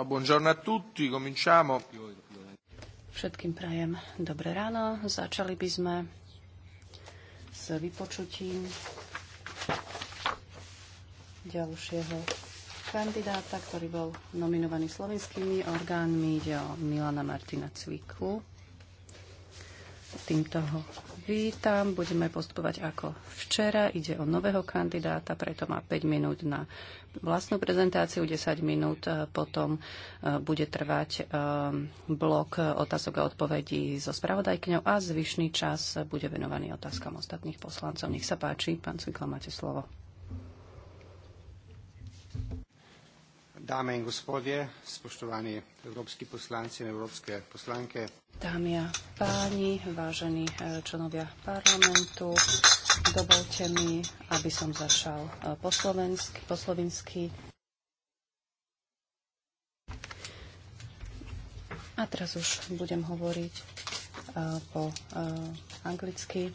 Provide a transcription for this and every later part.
No, buongiorno a tutti, cominciamo. Všetkým prajem dobré ráno. Začali by sme s vypočutím ďalšieho kandidáta, ktorý bol nominovaný slovenskými orgánmi. Ide o Milana Martina Cviku predtým toho vítam. Budeme postupovať ako včera. Ide o nového kandidáta, preto má 5 minút na vlastnú prezentáciu, 10 minút e, potom e, bude trvať e, blok otázok a odpovedí so spravodajkňou a zvyšný čas bude venovaný otázkam ostatných poslancov. Nech sa páči, pán Cvikla, máte slovo. Dame in gospodje, spoštovani evropski poslanci in evropske poslanke. Dámy a páni, vážení eh, členovia parlamentu, dovolte mi, aby som začal eh, po slovensky. Po slovensky. A teraz už budem hovoriť eh, po anglicky.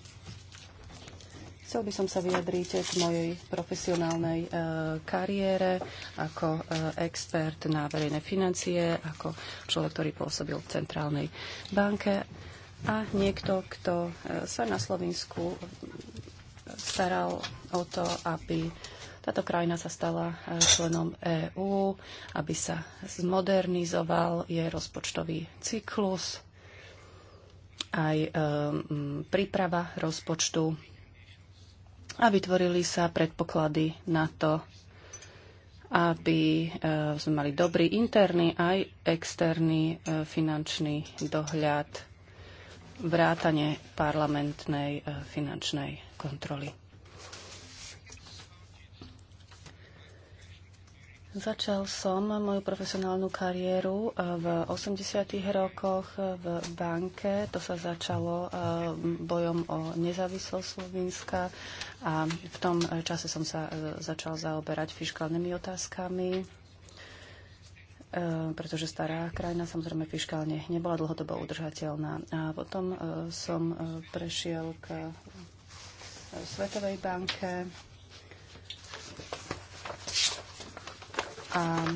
Chcel by som sa vyjadriť k mojej profesionálnej e, kariére ako e, expert na verejné financie, ako človek, ktorý pôsobil v Centrálnej banke a niekto, kto e, sa na Slovensku staral o to, aby táto krajina sa stala e, členom EÚ, aby sa zmodernizoval jej rozpočtový cyklus, aj e, príprava rozpočtu a vytvorili sa predpoklady na to, aby e, sme mali dobrý interný aj externý e, finančný dohľad vrátane parlamentnej e, finančnej kontroly. Začal som moju profesionálnu kariéru eh, v 80. rokoch eh, v banke. To sa začalo eh, bojom o nezávislosť Slovenska a v tom čase som sa začal zaoberať fiskálnymi otázkami pretože stará krajina samozrejme fiskálne nebola dlhodobo udržateľná. A potom som prešiel k Svetovej banke, a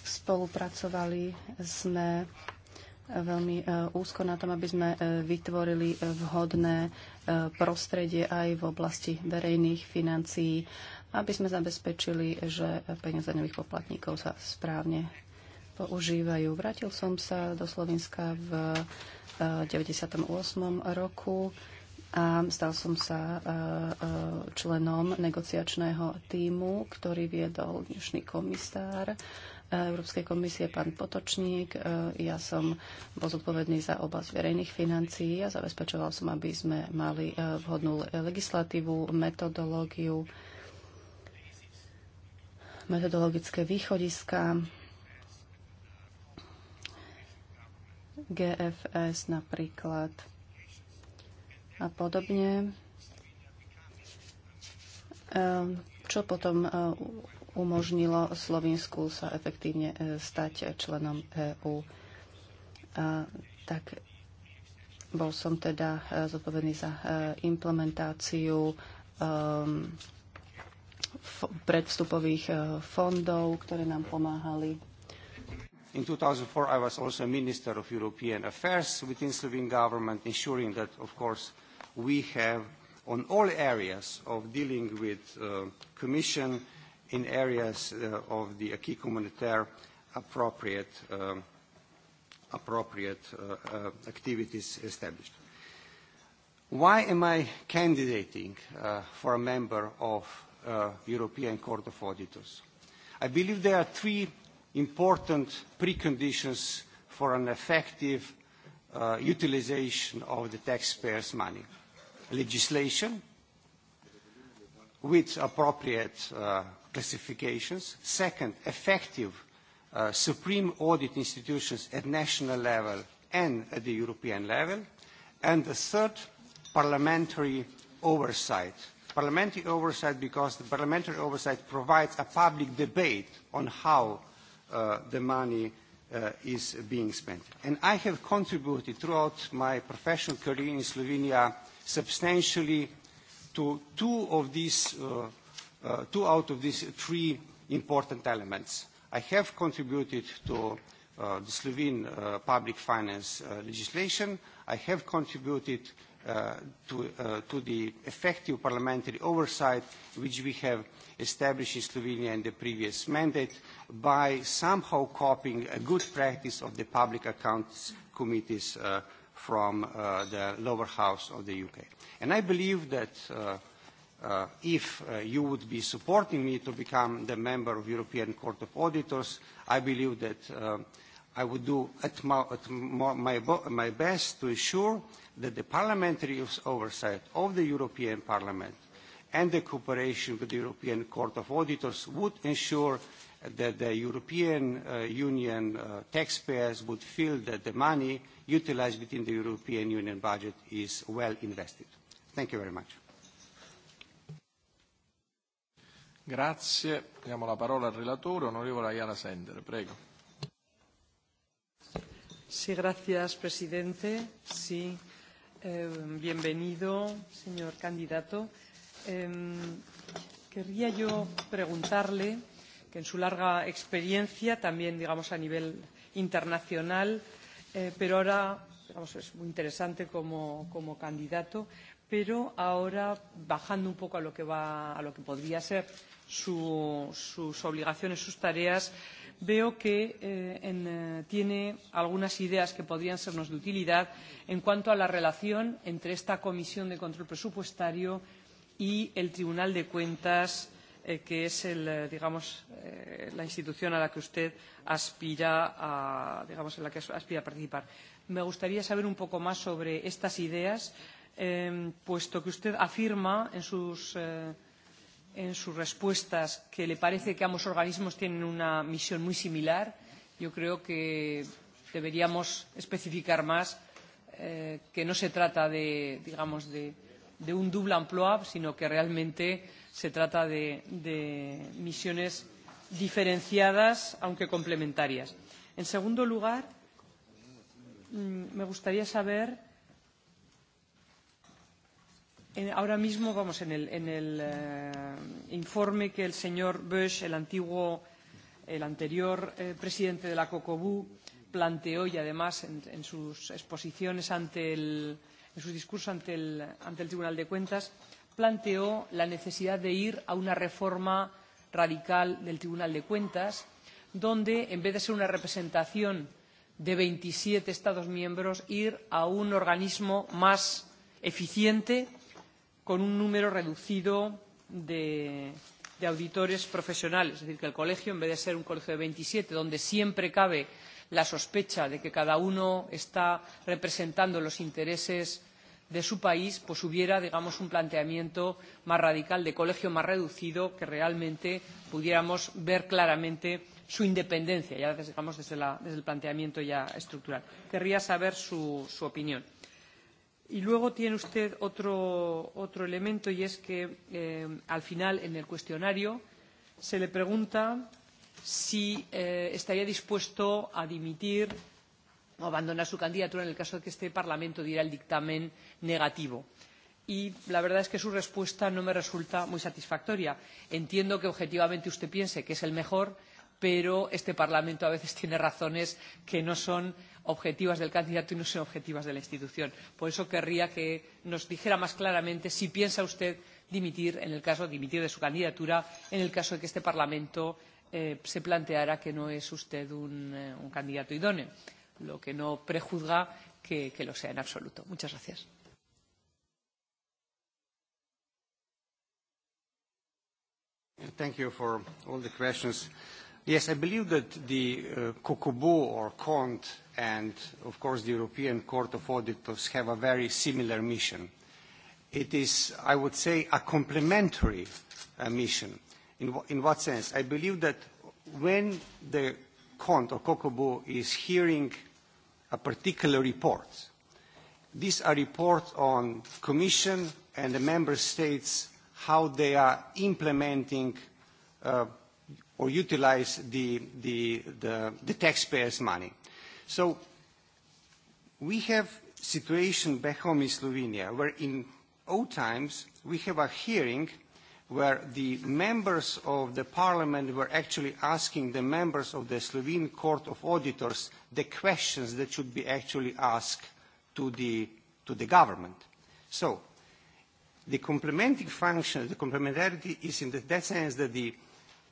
spolupracovali sme e, veľmi e, úzko na tom, aby sme e, vytvorili vhodné prostredie aj v oblasti verejných financií, aby sme zabezpečili, že peniaze nových poplatníkov sa správne používajú. Vrátil som sa do Slovenska v 98. roku a stal som sa e, e, členom negociačného týmu, ktorý viedol dnešný komisár e, Európskej komisie, pán Potočník. Ja som bol zodpovedný za oblasť verejných financií a zabezpečoval som, aby sme mali vhodnú legislatívu, metodológiu, metodologické východiska, GFS napríklad a podobne. Ehm, čo potom e, umožnilo Slovensku sa efektívne e, stať členom EÚ. Tak bol som teda e, zodpovedný za implementáciu ehm, predvstupových fondov, ktoré nám pomáhali. In 2004 I was also Minister of European Affairs within Slovene government, ensuring that, of course, we have on all areas of dealing with uh, Commission in areas uh, of the acquis communautaire appropriate, uh, appropriate uh, uh, activities established. Why am I candidating uh, for a member of uh, European Court of Auditors? I believe there are three important preconditions for an effective uh, utilization of the taxpayers' money legislation with appropriate uh, classifications. Second, effective uh, supreme audit institutions at national level and at the European level. And the third, parliamentary oversight. Parliamentary oversight because the parliamentary oversight provides a public debate on how uh, the money uh, is being spent. And I have contributed throughout my professional career in Slovenia substantially to two of these, uh, uh, two out of these three important elements. I have contributed to uh, the Slovene uh, public finance uh, legislation. I have contributed uh, to, uh, to the effective parliamentary oversight which we have established in Slovenia in the previous mandate by somehow copying a good practice of the public accounts committees uh, from uh, the lower house of the UK. And I believe that uh, uh, if uh, you would be supporting me to become the member of European Court of Auditors, I believe that uh, i would do at my, at my, my best to ensure that the parliamentary oversight of the European Parliament and the cooperation with the European Court of Auditors would ensure that the European uh, Union uh, taxpayers would feel that the money utilized within the European Union budget is well invested. Thank you very much. Grazie. Diamo la parola al relatore, onorevole Ayala Sender. Prego. Señor presidente. bienvenido, señor candidato. querría yo preguntarle que en su larga experiencia, también digamos a nivel internacional, eh, pero ahora digamos, es muy interesante como, como candidato, pero ahora bajando un poco a lo que, va, a lo que podría ser su, sus obligaciones, sus tareas, veo que eh, eh, tiene algunas ideas que podrían sernos de utilidad en cuanto a la relación entre esta Comisión de Control Presupuestario y el Tribunal de Cuentas, eh, que es el, eh, digamos, la institución a la que usted aspira a, digamos, en la que aspira a participar. Me gustaría saber un poco más sobre estas ideas, puesto que usted afirma en sus en sus respuestas que le parece que ambos organismos tienen una misión muy similar. Yo creo que deberíamos especificar más eh, que no se trata de, digamos, de, de un double emploi, sino que realmente se trata de, de misiones diferenciadas, aunque complementarias. En segundo lugar, mm, me gustaría saber ahora mismo, vamos, en el, en el eh, informe que el señor Bösch, el antiguo, el anterior eh, presidente de la COCOBU, planteó y además en, en sus exposiciones ante el, en su discurso ante el, ante el Tribunal de Cuentas, planteó la necesidad de ir a una reforma radical del Tribunal de Cuentas, donde, en vez de ser una representación de veintisiete Estados miembros, ir a un organismo más eficiente, con un número reducido de, de auditores profesionales. Es decir, que el colegio, en vez de ser un colegio de 27, donde siempre cabe la sospecha de que cada uno está representando los intereses de su país, pues hubiera, digamos, un planteamiento más radical de colegio más reducido que realmente pudiéramos ver claramente su independencia, ya digamos desde, la, desde el planteamiento ya estructural. Querría saber su, su opinión. Y luego tiene usted otro, otro elemento y es que eh, al final en el cuestionario se le pregunta si eh, estaría dispuesto a dimitir o abandonar su candidatura en el caso de que este Parlamento diera el dictamen negativo. Y la verdad es que su respuesta no me resulta muy satisfactoria. Entiendo que objetivamente usted piense que es el mejor, pero este Parlamento a veces tiene razones que no son objetivas del candidato y no sean objetivas de la institución. Por eso querría que nos dijera más claramente si piensa usted dimitir, en el caso, dimitir de su candidatura, en el caso de que este Parlamento eh, se planteara que no es usted un, eh, un candidato idóneo, lo que no prejuzga que, que lo sea en absoluto. Muchas gracias. Thank you for all the questions. Yes, I believe that the uh, or and of course the European Court of Auditors have a very similar mission. It is, I would say, a complementary uh, mission. In, in what sense? I believe that when the CONT or COCOBO is hearing a particular report, these are reports on Commission and the Member States, how they are implementing uh, or utilize the, the, the, the taxpayers' money. So we have situation back home in Slovenia where in old times we have a hearing where the members of the parliament were actually asking the members of the Slovene Court of Auditors the questions that should be actually asked to the, to the government. So the complementing function, the complementarity is in the, that sense that the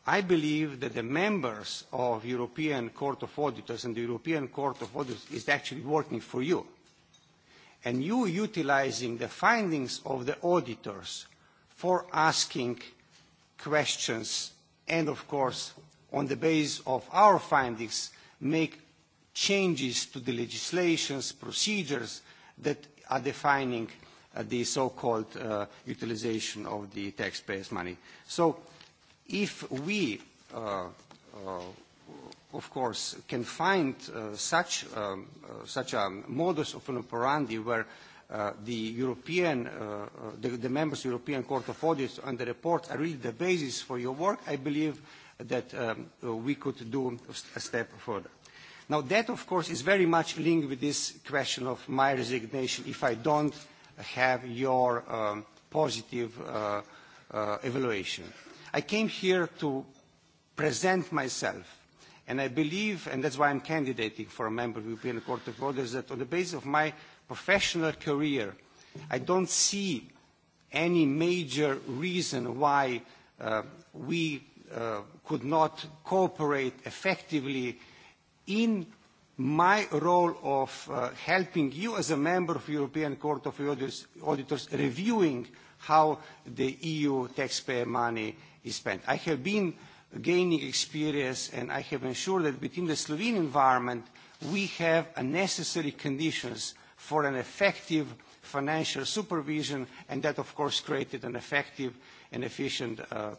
i believe that the members of European Court of Auditors and the European Court of Auditors is actually working for you. And you utilizing the findings of the auditors for asking questions and, of course, on the basis of our findings, make changes to the legislations, procedures that are defining uh, the so-called uh, utilization of the taxpayers' money. So if we, uh, uh, of course, can find uh, such, um, uh, such a modus operandi where uh, the European, uh, uh the, the members European Court of Audits and the report are really the basis for your work, I believe that um, uh, we could do a step further. Now that, of course, is very much linked with this question of my resignation if I don't have your um, positive uh, uh, evaluation. I came here to present myself. And I believe, and that's why I'm candidating for a member of the European Court of Auditors, that on the basis of my professional career, I don't see any major reason why uh, we uh, could not cooperate effectively in my role of uh, helping you as a member of the European Court of Auditors, Auditors reviewing how the EU taxpayer money is spent. I have been gaining experience and I have ensured that within the Slovene environment we have a necessary conditions for an effective financial supervision and that of course created an effective and efficient uh,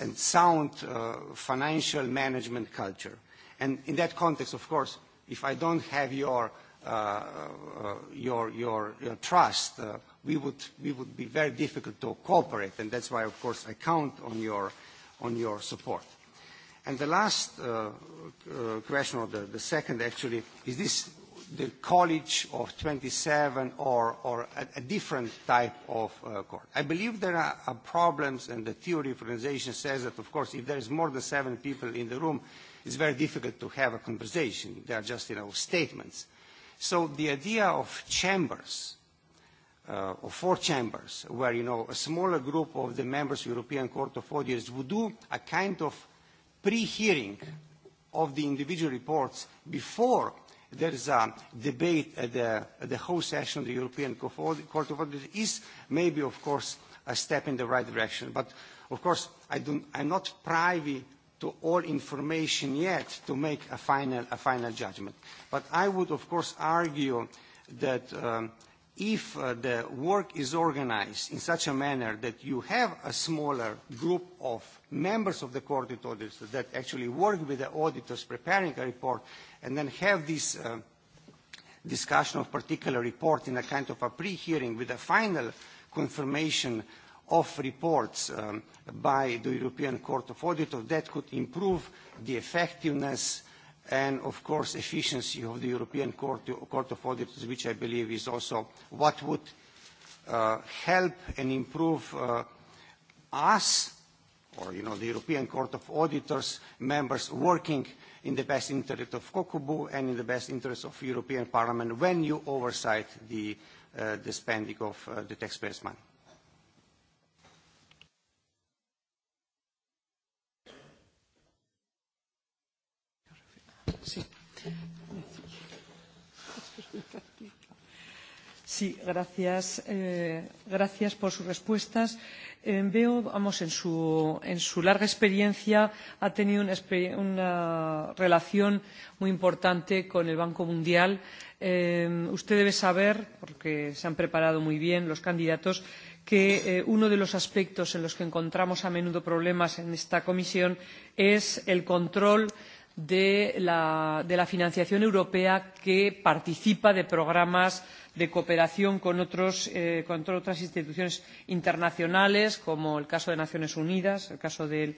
and sound uh, financial management culture. And in that context, of course, if I don't have your, uh, uh, your, your, your trust uh, we would, we would be very difficult to cooperate, and that's why, of course, I count on your, on your support. And the last uh, uh, question, or the, the second actually, is this the college of 27 or, or a, a different type of uh, court? I believe there are, are problems, and the theory of organization says that, of course, if there is more than seven people in the room, it's very difficult to have a conversation. They are just, you know, statements. So the idea of chambers uh, of four chambers, where you know a smaller group of the members of European Court of Auditors would do a kind of pre-hearing of the individual reports before there is a debate at the, at the whole session of the European Court of Auditors is maybe, of course, a step in the right direction. But, of course, I don't, I'm not privy to all information yet to make a final, a final judgment. But I would, of course, argue that um, if uh, the work is organized in such a manner that you have a smaller group of members of the court of auditors that actually work with the auditors preparing a report and then have this uh, discussion of particular report in a kind of a pre-hearing with a final confirmation of reports um, by the European Court of Auditors that could improve the effectiveness and of course efficiency of the European Court, Court of Auditors, which I believe is also what would uh, help and improve uh, us or you know the European Court of Auditors members working in the best interest of Kokobu and in the best interest of European Parliament when you oversight the, uh, the spending of uh, the taxpayers' money. Sí. Sí, gracias, eh, gracias por sus respuestas. Eh, veo, vamos, en su, en su larga experiencia ha tenido una, una relación muy importante con el Banco Mundial. Eh, usted debe saber, porque se han preparado muy bien los candidatos, que eh, uno de los aspectos en los que encontramos a menudo problemas en esta comisión es el control de la, de la financiación europea que participa de programas de cooperación con, otros, eh, con otras instituciones internacionales, como el caso de las Naciones Unidas, el caso del,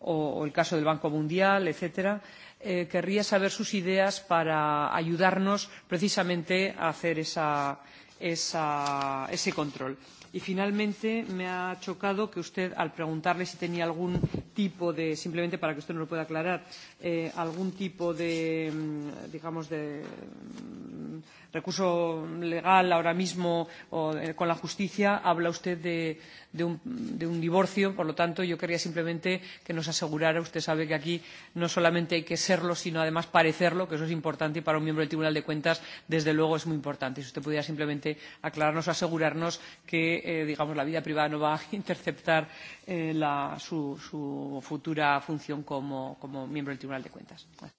o, o el caso del Banco Mundial, etcétera. Eh, querría saber sus ideas para ayudarnos precisamente a hacer esa, esa, ese control Y finalmente me ha chocado que usted, al preguntarle si tenía algún tipo de, simplemente para que usted nos lo pueda aclarar, eh, algún tipo de, mm, digamos, de mm, recurso legal ahora mismo o, eh, con la justicia, habla usted de, de un, de un divorcio. Por lo tanto, yo quería simplemente que nos asegurara. Usted sabe que aquí no solamente hay que serlo, sino además parecerlo, que eso es importante y para un miembro del Tribunal de Cuentas, desde luego, es muy importante. Si usted pudiera simplemente aclararnos, o asegurarnos que, eh, digamos, la vida privada no va a interceptar eh, la, su, su futura función como, como miembro del Tribunal de Cuentas. Gracias.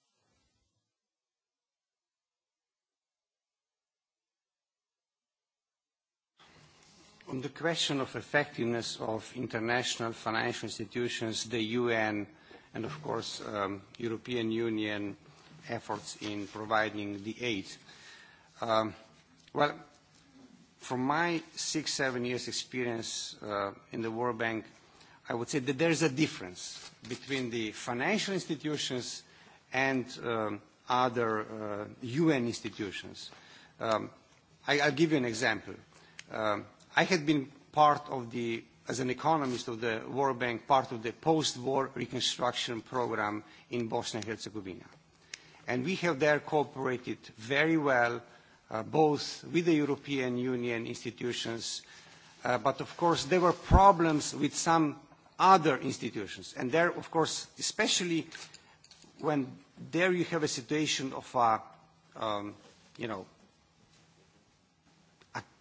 On the question of effectiveness of international financial institutions, the UN and of course um, European Union efforts in providing the aid. Um, well, from my six, seven years experience uh, in the World Bank, I would say that there is a difference between the financial institutions and um, other uh, UN institutions. Um, I, I'll give you an example. Um, i had been part of the, as an economist of the World Bank, part of the post-war reconstruction program in Bosnia and Herzegovina. And we have there cooperated very well, uh, both with the European Union institutions, uh, but of course there were problems with some other institutions. And there, of course, especially when there you have a situation of, a, um, you know,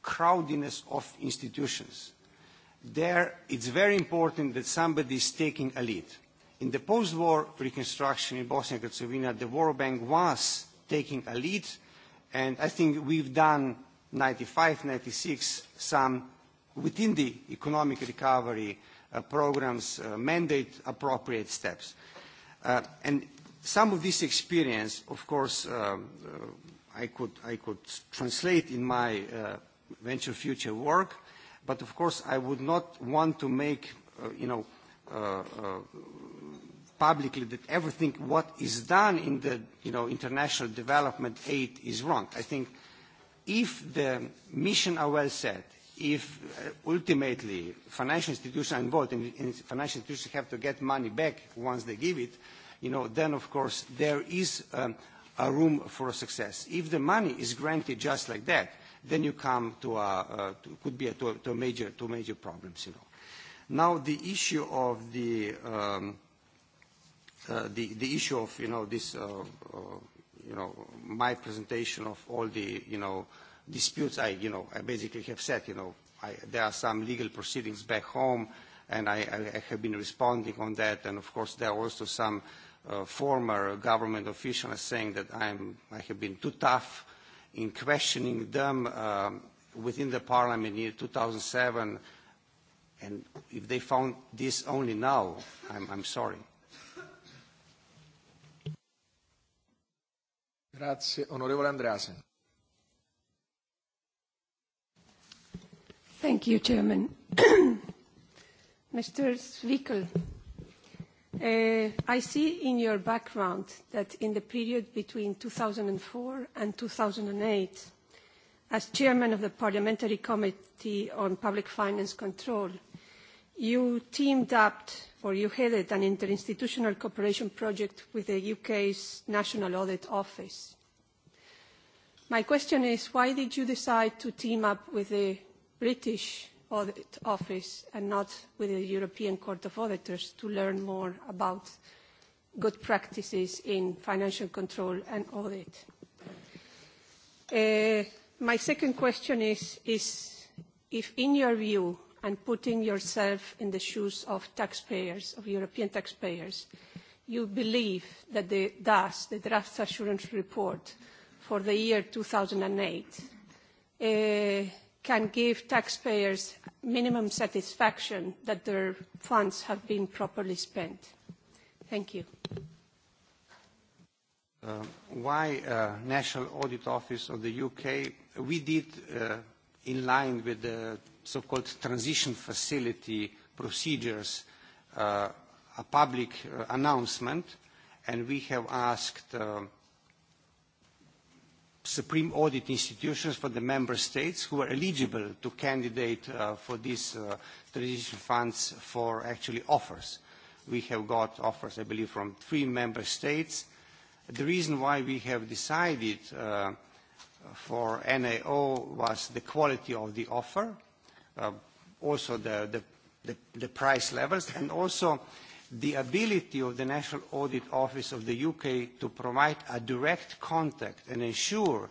crowdiness of institutions. There, it's very important that somebody is taking a lead. In the post-war reconstruction in Bosnia and Herzegovina, the World Bank was taking a lead, and I think we've done 95, 96, some within the economic recovery uh, programs uh, mandate appropriate steps. Uh, and some of this experience, of course, uh, uh, I, could, I could translate in my uh, venture future work. But of course, I would not want to make, uh, you know, uh, uh, publicly that everything what is done in the, you know, international development aid is wrong. I think if the mission are well set, if uh, ultimately financial institutions are involved and, and financial institutions have to get money back once they give it, you know, then of course there is um, a room for success. If the money is granted just like that, then you come to a, uh, to, could be a, to, to, major, to major problems, you know. Now the issue of the, um, uh, the, the issue of, you know, this, uh, uh, you know, my presentation of all the, you know, disputes I, you know, I basically have said, you know, I, there are some legal proceedings back home and I, I have been responding on that and of course there are also some uh, former government officials saying that I'm, I have been too tough in questioning them um, within the parliament in 2007, and if they found this only now, I'm, I'm sorry. Grazie. Onorevole Andreasen. Thank you, Chairman. Mr. Zwickel, Uh, I see in your background that in the period between 2004 and 2008, as chairman of the Parliamentary Committee on Public Finance Control, you teamed up or you headed an interinstitutional cooperation project with the UK's National Audit Office. My question is, why did you decide to team up with the British Audit Office and not with the European Court of Auditors to learn more about good practices in financial control and audit. Uh, my second question is, is if in your view and putting yourself in the shoes of taxpayers, of European taxpayers, you believe that the DAS, the Draft Assurance Report for the year 2008, uh, can give taxpayers minimum satisfaction that their funds have been properly spent. Thank you. Uh, why uh, National Audit Office of the UK? We did, uh, in line with the so-called transition facility procedures, uh, a public uh, announcement, and we have asked uh, supreme audit institutions for the member states who are eligible to candidate uh, for these uh, transition funds for actually offers. We have got offers, I believe, from three member states. The reason why we have decided uh, for NAO was the quality of the offer, uh, also the, the, the, the price levels, and also the ability of the National Audit Office of the UK to provide a direct contact and ensure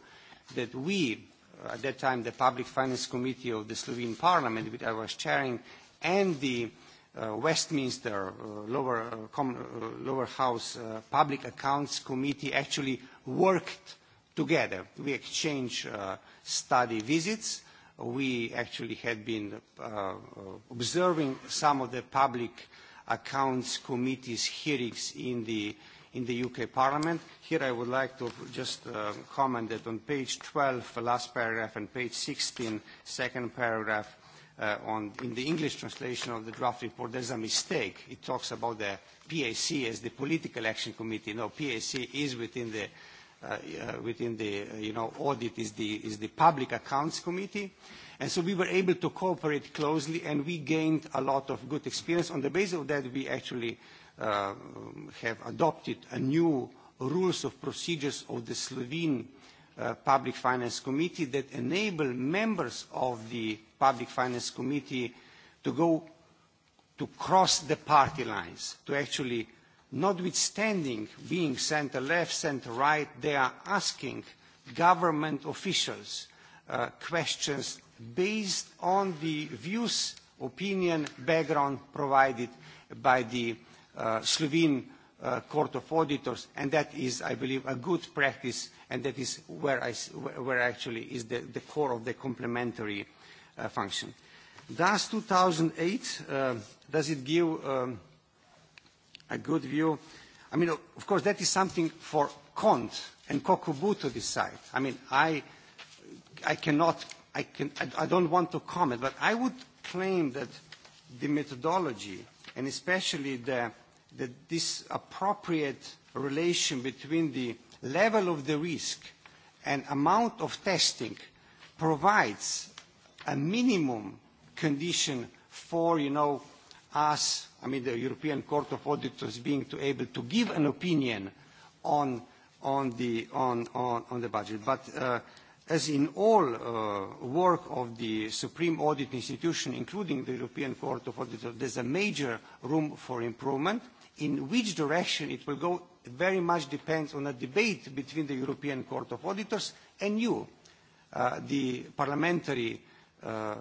that we, uh, at that time the Public Finance Committee of the Slovene Parliament, which I was chairing, and the uh, Westminster uh, lower, uh, com- uh, lower House uh, Public Accounts Committee actually worked together. We exchanged uh, study visits. We actually had been uh, uh observing some of the public Accounts Committee's hearings in the, in the UK Parliament. Here I would like to just uh, comment that on page 12, the last paragraph, and page 16, second paragraph, uh, on, in the English translation of the draft report, there's a mistake. It talks about the PAC as the Political Action Committee. No, PAC is within the, uh, uh, within the uh, you know, audit is the, is the Public Accounts Committee. Uh, And so we were able to cooperate closely and we gained a lot of good experience. On the basis of that, we actually uh, have adopted a new rules of procedures of the Slovene uh, Public Finance Committee that enable members of the Public Finance Committee to go to cross the party lines, to actually, notwithstanding being centre-left, centre-right, they are asking government officials uh, questions based on the views, opinion, background provided by the uh, Slovene uh, Court of Auditors, and that is, I believe, a good practice, and that is where, I, where actually is the, the core of the complementary uh, function. Does 2008, uh, does it give um, a good view? I mean, of course, that is something for Kant and Kokubu to decide. I mean, I, I cannot i, can, I, I don't want to comment, but I would claim that the methodology and especially the, the, this appropriate relation between the level of the risk and amount of testing provides a minimum condition for, you know, us, I mean the European Court of Auditors being to able to give an opinion on, on, the, on, on, on the budget. But uh, as in all uh, work of the Supreme Audit Institution, including the European Court of Auditors, there's a major room for improvement. In which direction it will go very much depends on a debate between the European Court of Auditors and you, uh, the Parliamentary uh,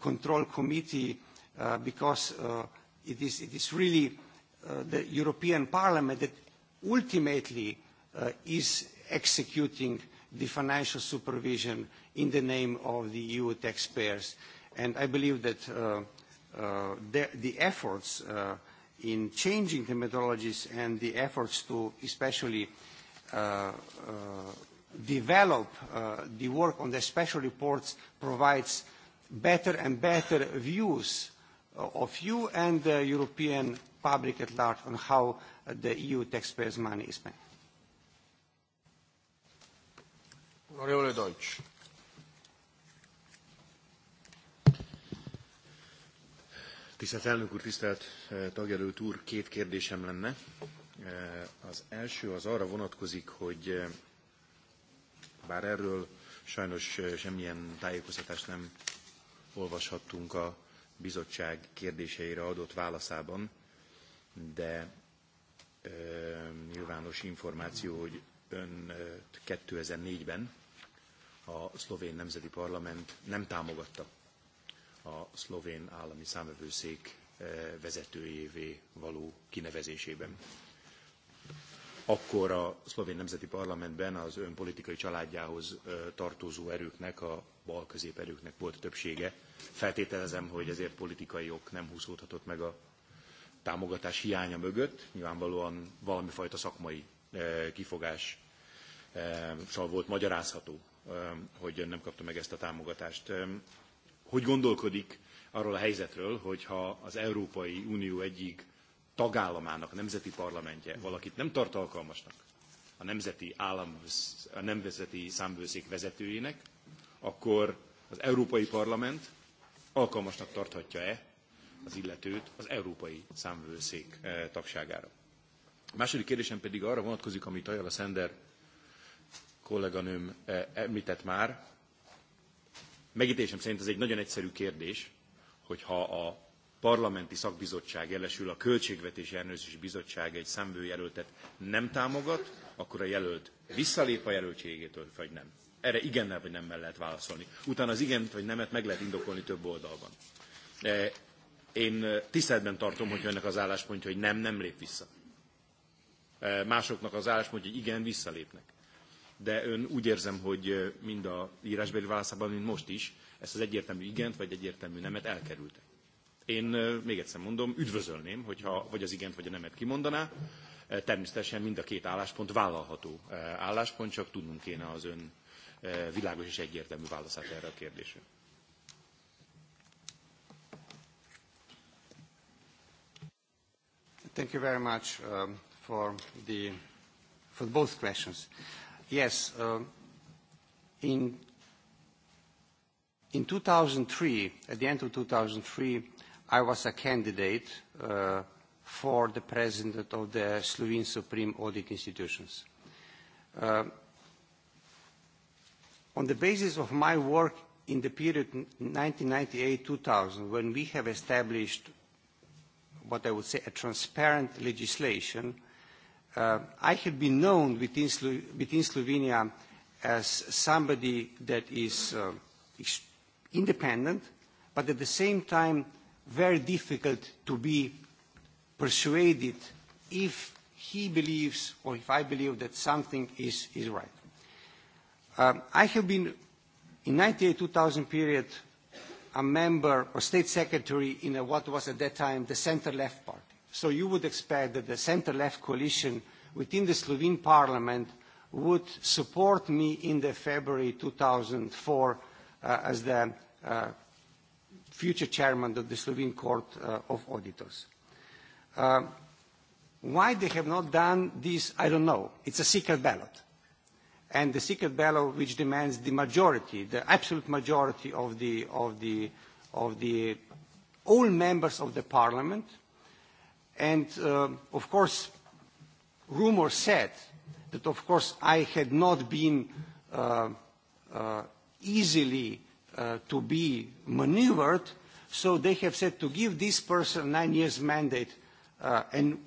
Control Committee, uh, because uh, it, is, it is really uh, the European Parliament that ultimately uh, is executing uh, the financial supervision in the name of the EU taxpayers. And I believe that uh, uh, the, the efforts uh, in changing the methodologies and the efforts to especially uh, uh, develop uh, the work on the special reports provides better and better views uh, of you and the European public at large on how the EU taxpayers' money is spent. Onorevole Deutsch. Tisztelt elnök úr, tisztelt eh, tagjelölt úr, két kérdésem lenne. Eh, az első az arra vonatkozik, hogy eh, bár erről sajnos semmilyen tájékoztatást nem olvashattunk a bizottság kérdéseire adott válaszában, de nyilvános információ, hogy ön 2004-ben a szlovén nemzeti parlament nem támogatta a szlovén állami számövőszék eh, vezetőjévé való kinevezésében. Akkor a szlovén nemzeti parlamentben az ön politikai családjához eh, tartozó erőknek, a bal-közép erőknek volt többsége. Feltételezem, hogy ezért politikai ok nem húzódhatott meg a támogatás hiánya mögött. Nyilvánvalóan valamifajta szakmai eh, kifogás volt magyarázható Um, hogy nem kapta meg ezt a támogatást. Um, hogy gondolkodik arról a helyzetről, hogyha az Európai Unió egyik tagállamának, a nemzeti parlamentje valakit nem tart alkalmasnak a nemzeti, állam, a nemzeti számbőszék vezetőjének, akkor az Európai Parlament alkalmasnak tarthatja-e az illetőt az Európai Számvőszék eh, tagságára. A második kérdésem pedig arra vonatkozik, amit Ajala Szender kolléganőm eh, említett már. Megítésem szerint ez egy nagyon egyszerű kérdés, hogyha a parlamenti szakbizottság jelesül a Költségvetési Ellenőrzési Bizottság egy számvőjelöltet nem támogat, akkor a jelölt visszalép a jelöltségétől, vagy nem. Erre igennel vagy nemmel lehet válaszolni. Utána az igent vagy nemet meg lehet indokolni több oldalban. Eh, én eh, tiszteletben tartom, hogy önnek az álláspontja, hogy nem, nem lép vissza. Másoknak az álláspontja, hogy igen, visszalépnek de ön úgy érzem, hogy mind a írásbeli válaszában, mint most is, ezt az egyértelmű igent vagy egyértelmű nemet elkerülte. Én még egyszer mondom, üdvözölném, hogyha vagy az igent, vagy a nemet kimondaná. Természetesen mind a két álláspont vállalható álláspont, csak tudnunk kéne az ön világos és egyértelmű válaszát erre a kérdésre. Thank you very much um, for, the, for both questions. Yes. Um, in, in 2003, at the end of 2003, I was a candidate uh, for the president of the Slovene Supreme Audit Institutions. Uh, on the basis of my work in the period 1998-2000, when we have established what I would say a transparent legislation Uh, I have been known within, Slo within Slovenia as somebody that is uh, independent, but at the same time very difficult to be persuaded if he believes or if I believe that something is, is right. Uh, I have been in 1998 2000 period a member or state secretary in a, what was at that time the center-left party. So you would expect that the center-left coalition within the Slovene parliament would support me in the February 2004 uh, as the uh, future chairman of the Slovene Court uh, of Auditors. Uh, why they have not done this, I don't know. It's a secret ballot. And the secret ballot which demands the majority, the absolute majority of the, of the, of the all members of the parliament – And uh, of course, rumor said that of course I had not been uh, uh, easily uh, to be maneuvered, so they have said to give this person a nine years mandate uh, and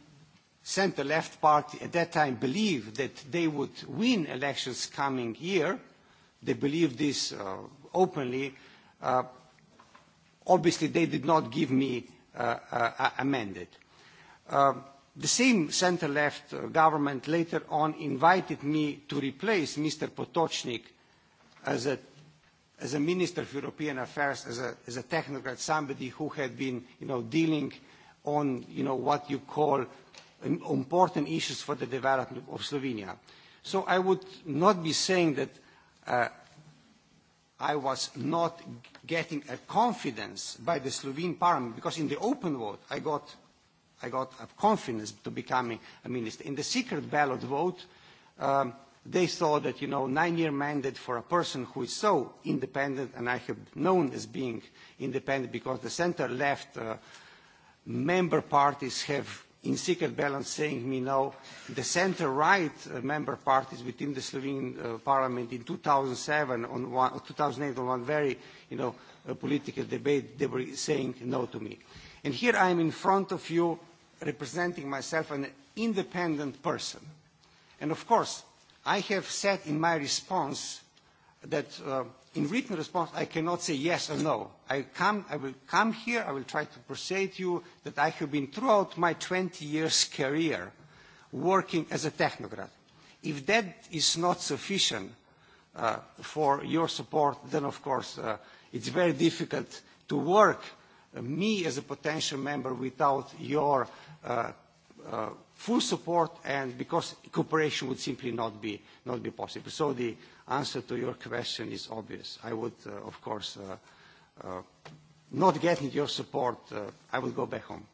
sent the left party at that time believed that they would win elections coming year. They believed this uh, openly. Uh, obviously, they did not give me uh, a, a mandate. Uh, the same center-left uh, government later on invited me to replace Mr. Potocnik as a, as a Minister of European Affairs, as a, as a technocrat, somebody who had been you know, dealing on you know, what you call important issues for the development of Slovenia. So I would not be saying that uh, I was not getting a confidence by the Slovene parliament, because in the open vote I got i got confidence to becoming a minister. In the secret ballot vote, um, they saw that, you know, nine-year mandate for a person who is so independent, and I have known as being independent because the center-left uh, member parties have in secret balance saying me no. the center-right uh, member parties within the Slovenian uh, parliament in 2007 on one, or 2008 on one very, you know, uh, political debate, they were saying no to me. And here I am in front of you representing myself an independent person. And of course, I have said in my response that uh, in written response, I cannot say yes or no. I, come, I will come here, I will try to persuade you that I have been throughout my 20 years career working as a technocrat. If that is not sufficient uh, for your support, then of course uh, it's very difficult to work uh, me as a potential member without your Uh, uh, full support and because cooperation would simply not be, not be possible. So the answer to your question is obvious. I would, uh, of course, uh, uh, not getting your support, uh, I would go back home.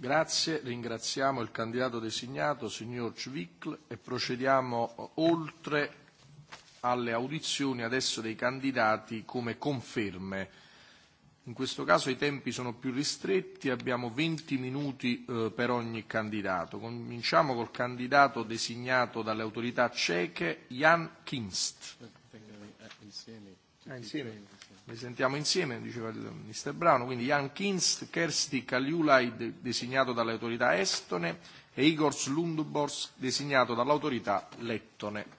Grazie, ringraziamo il candidato designato, signor Cvicl, e procediamo oltre alle audizioni adesso dei candidati come conferme In questo caso i tempi sono più ristretti, abbiamo 20 minuti eh, per ogni candidato. Cominciamo col candidato designato dalle autorità ceche, Jan Kinst. Ah, insieme. Li sentiamo insieme, diceva il Mr. Brown. Quindi Jan Kinst, Kersti Kaliulai, designato dalle autorità estone, e Igor Slundborsk, designato dall'autorità lettone.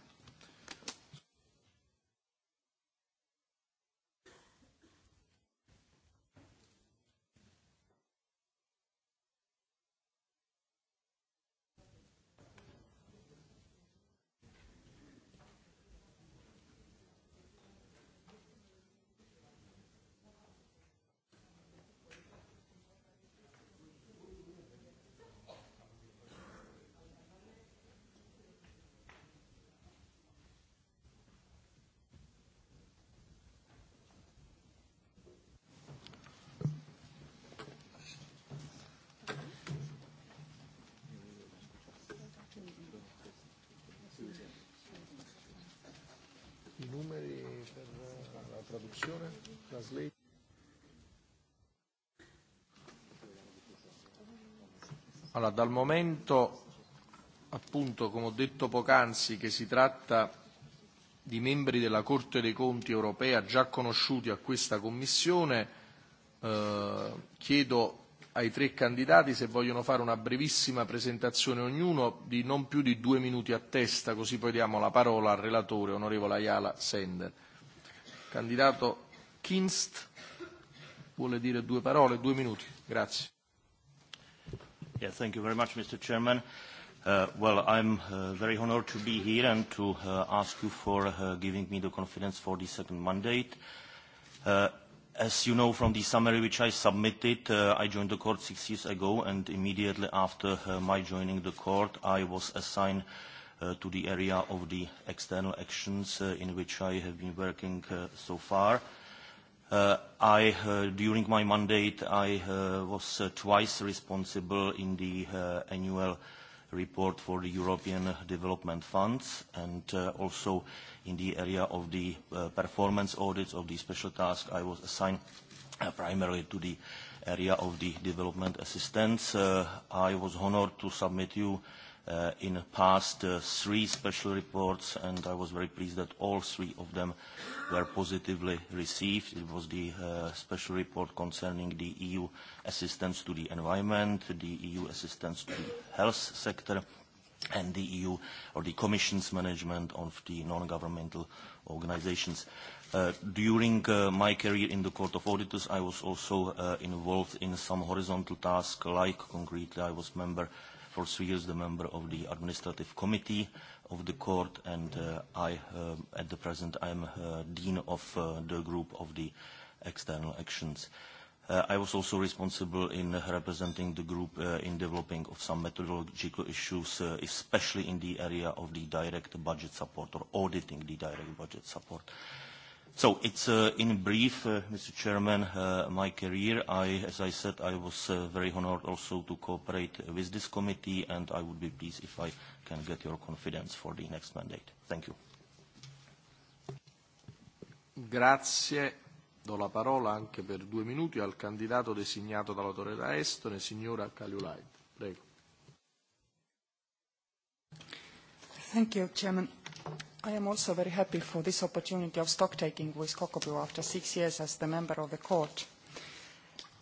Allora, dal momento, appunto, come ho detto poc'anzi, che si tratta di membri della Corte dei Conti europea già conosciuti a questa Commissione, eh, chiedo ai tre candidati se vogliono fare una brevissima presentazione ognuno di non più di due minuti a testa, così poi diamo la parola al relatore, onorevole Ayala Sender. Candidato Kinst vuole dire due parole, due minuti. Grazie. Yeah, thank you very much, Mr. Chairman. Uh, well, I'm uh, very honored to be here and to uh, ask you for uh, giving me the confidence for the second mandate. Uh, as you know from the summary which I submitted, uh, I joined the court six years ago and immediately after uh, my joining the court, I was assigned uh, to the area of the external actions uh, in which I have been working uh, so far. Uh, Uh, I, uh, during my mandate, I uh, was uh, twice responsible in the uh, annual report for the European Development Funds and uh, also in the area of the uh, performance audits of the special task I was assigned uh, primarily to the area of the development assistance. Uh, I was honored to submit you uh, uh, in the past uh, three special reports, and I was very pleased that all three of them were positively received. It was the uh, special report concerning the EU assistance to the environment, the EU assistance to the health sector, and the EU or the Commission's management of the non-governmental organizations. Uh, during uh, my career in the Court of Auditors, I was also uh, involved in some horizontal tasks, like concretely I was member for three years the member of the administrative committee of the court and uh, I, uh, at the present, am uh, dean of uh, the group of the external actions. Uh, I was also responsible in representing the group uh, in developing of some methodological issues, uh, especially in the area of the direct budget support or auditing the direct budget support. Uh, so it's uh, in brief, uh, Mr. Chairman, uh, my career. I, as I said, I was uh, very honored also to cooperate with this committee, and I would be pleased if I can get your confidence for the next mandate. Thank you. Grazie. Do la parola anche per due minuti al candidato designato dall'autorità estone, signora Kaliulaid. Prego. Thank you, Chairman. I am also very happy for this opportunity of stock-taking with Kokobu after six years as the member of the court.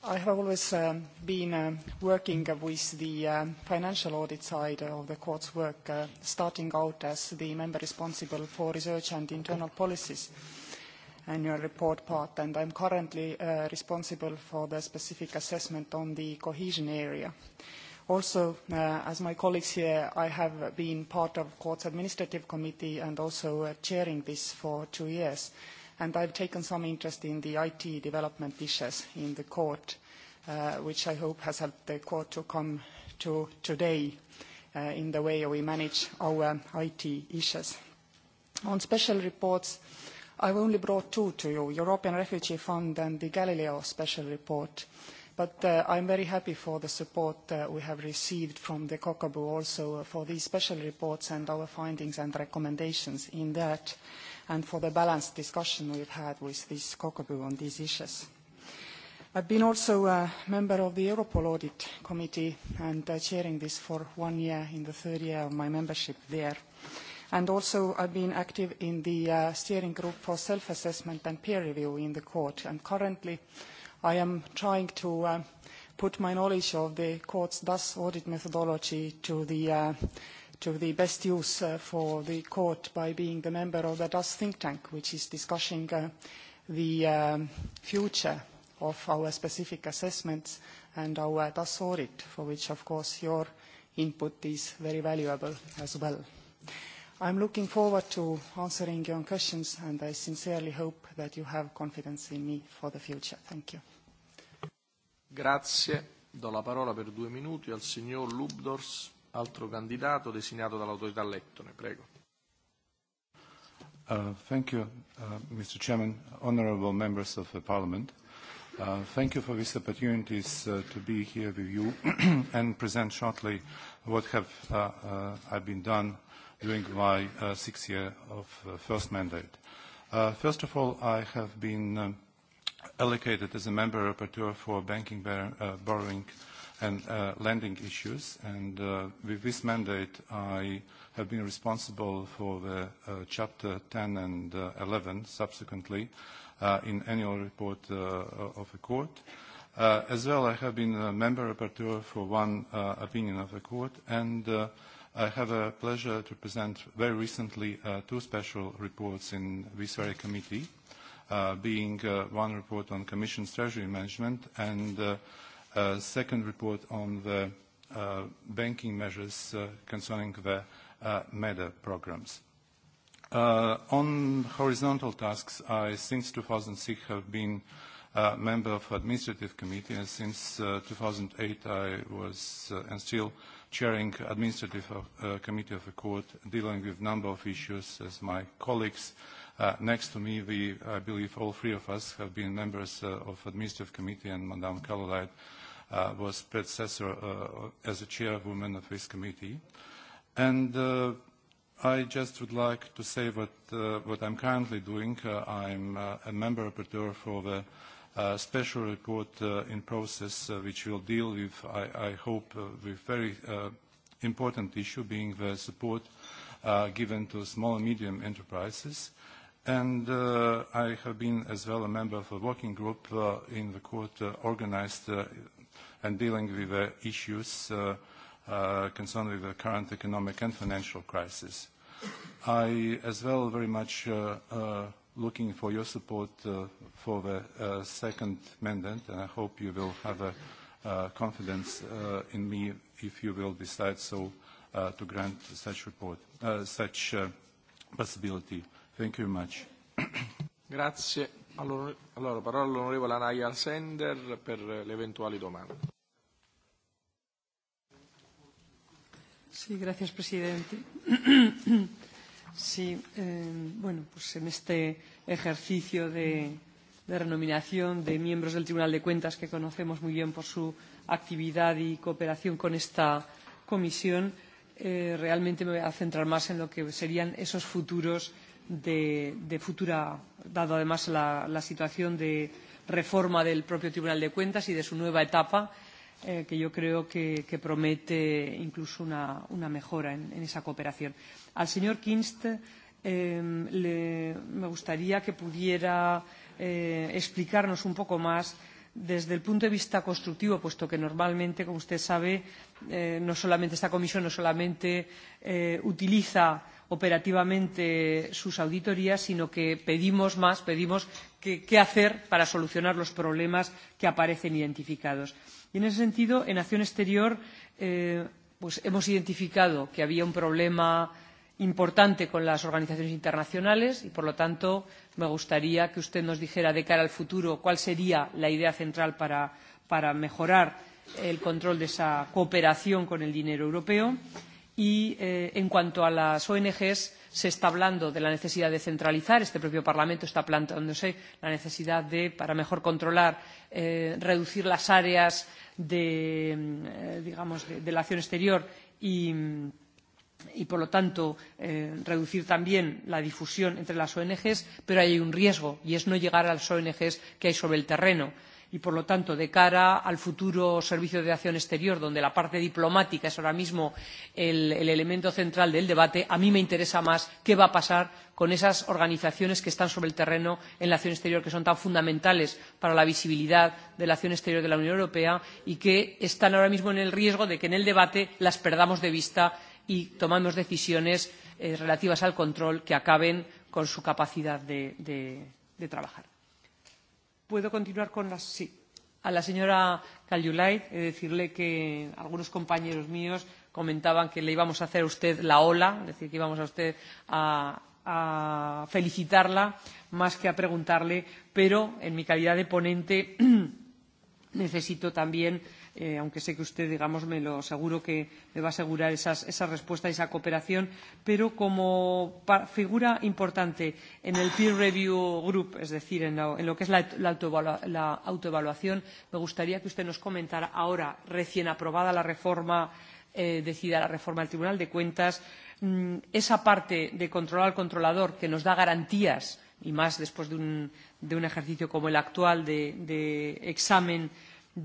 I have always uh, been uh, working with the uh, financial audit side of the court's work, uh, starting out as the member responsible for research and internal policies annual report part, and I'm currently uh, responsible for the specific assessment on the cohesion area. Uh, Also, uh, as my colleagues here, I have been part of Court's Administrative Committee and also uh, chairing this for two years. And I've taken some interest in the IT development issues in the Court, uh, which I hope has helped the Court to come to today uh, in the way we manage our uh, IT issues. On special reports, I've only brought two to you, European Refugee Fund and the Galileo special report. Uh, But uh, I'm very happy for the support uh, we have received from the Kokobu also uh, for these special reports and our findings and recommendations in that, and for the balanced discussion we've had with this Kokobu on these issues. I've been also a member of the Europol Audit Committee and uh, chairing this for one year in the third year of my membership there. And also I've been active in the uh, steering group for self-assessment and peer review in the court. And currently i am trying to uh, put my knowledge of the court's DAS audit methodology to the, uh, to the best use uh, for the court by being the member of the DAS think tank, which is discussing uh, the um, future of our specific assessments and our DAS audit, for which, of course, your input is very valuable as well. I'm looking forward to answering your questions, and I sincerely hope that you have confidence in me for the future. Thank you. Grazie. Do la parola per due minuti al signor Lubdors, altro candidato designato dall'autorità lettone. Prego. Uh, thank you, uh, Mr. Chairman, honorable members of the Parliament. Uh, thank you for this opportunity uh, to be here with you and present shortly what have uh, uh, I've been done during my uh, six year of uh, first mandate. Uh, first of all, I have been um, allocated as a member rapporteur for banking bar uh, borrowing and uh, lending issues, and uh, with this mandate I have been responsible for the uh, chapter 10 and uh, 11 subsequently uh, in annual report uh, of the court. Uh, as well, I have been a member rapporteur for one uh, opinion of the court, and uh, i have a pleasure to present very recently uh, two special reports in this very committee, uh, being uh, one report on Commission's treasury management and uh, a second report on the uh, banking measures uh, concerning the uh, MEDA programs. Uh, on horizontal tasks, I since 2006 have been uh, member of administrative committee and since uh, 2008 I was uh, and still uh, chairing administrative of, uh, committee of the court, dealing with number of issues as my colleagues. Uh, next to me, we, I believe all three of us have been members uh, of administrative committee and Madame Calolite uh, was predecessor uh, as a chairwoman of this committee. And uh, I just would like to say what, uh, what I'm currently doing. Uh, I'm uh, a member rapporteur for the special report uh, in process, uh, which will deal with, I, I hope, uh, with very uh, important issue being the support uh, given to small and medium enterprises. And uh, I have been as well a member of a working group uh, in the court uh, organized uh, and dealing with uh, issues uh, uh, concerned with the current economic and financial crisis. I as well very much uh, uh, looking for your support uh, for the uh, second mandate, and I hope you will have a, uh, confidence uh, in me if you will decide so uh, to grant such report, uh, such uh, possibility. Thank you very much. Grazie. Allora, parola all'onorevole Anaya Sender per le eventuali domande. Sì, grazie Presidente. Sí, eh, bueno, pues en este ejercicio de, de renominación de miembros del Tribunal de Cuentas que conocemos muy bien por su actividad y cooperación con esta comisión, eh, realmente me voy a centrar más en lo que serían esos futuros de, de futura, dado además la, la situación de reforma del propio Tribunal de Cuentas y de su nueva etapa eh, que yo creo que, que promete incluso una, una mejora en, en esa cooperación. Al señor Kinst eh, le, me gustaría que pudiera eh, explicarnos un poco más desde el punto de vista constructivo, puesto que normalmente, como usted sabe, eh, no solamente esta comisión no solamente eh, utiliza operativamente sus auditorías, sino que pedimos más, pedimos qué hacer para solucionar los problemas que aparecen identificados. Y en ese sentido, en acción exterior eh, pues hemos identificado que había un problema importante con las organizaciones internacionales y, por lo tanto, me gustaría que usted nos dijera de cara al futuro cuál sería la idea central para, para mejorar el control de esa cooperación con el dinero europeo. Y eh, en cuanto a las ONGs, se está hablando de la necesidad de centralizar. Este propio Parlamento está planteándose la necesidad de, para mejor controlar, eh, reducir las áreas de, eh, digamos, de, de la acción exterior y y por lo tanto eh, reducir también la difusión entre las ong pero hay un riesgo y es no llegar a las ong que hay sobre el terreno y por lo tanto de cara al futuro servicio de acción exterior donde la parte diplomática es ahora mismo el, elemento central del debate a mí me interesa más qué va a pasar con esas organizaciones que están sobre el terreno en la acción exterior que son tan fundamentales para la visibilidad de la acción exterior de la unión europea y que están ahora mismo en el riesgo de que en el debate las perdamos de vista y tomemos decisiones eh, relativas al control que acaben con su capacidad de, de, de trabajar. Puedo continuar con las. Sí. A la señora Kaljulaid he de decirle que algunos compañeros míos comentaban que le íbamos a hacer a usted la ola, es decir, que íbamos a usted a, a felicitarla más que a preguntarle, pero en mi calidad de ponente necesito también eh, aunque sé que usted, digamos, me lo aseguro que me va a asegurar esas, esa respuesta y esa cooperación, pero como figura importante en el peer review group, es decir, en lo, en lo que es la, la, la autoevaluación, me gustaría que usted nos comentara ahora, recién aprobada la reforma, eh, decida la reforma del Tribunal de Cuentas, mmm, esa parte de controlar al controlador que nos da garantías y más después de un, de un ejercicio como el actual de, de examen eh,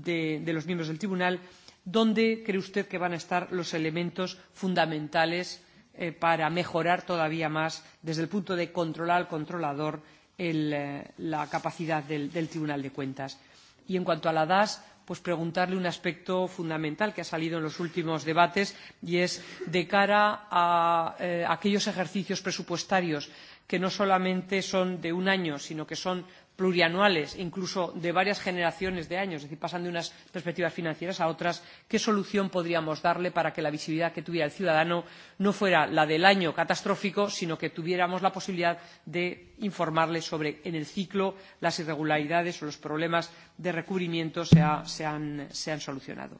de, de los miembros del tribunal dónde cree usted que van a estar los elementos fundamentales eh, para mejorar todavía más desde el punto de controlar al controlador el, eh, la capacidad del, del tribunal de cuentas? y en cuanto a la das pues preguntarle un aspecto fundamental que ha salido en los últimos debates y es de cara a eh, aquellos ejercicios presupuestarios que no solamente son de un año sino que son plurianuales, incluso de varias generaciones de años, es decir, pasan de unas perspectivas financieras a otras, ¿qué solución podríamos darle para que la visibilidad que tuviera el ciudadano no fuera la del año catastrófico, sino que tuviéramos la posibilidad de informarle sobre en el ciclo las irregularidades o los problemas de recubrimiento se, ha, se, han, se han solucionado?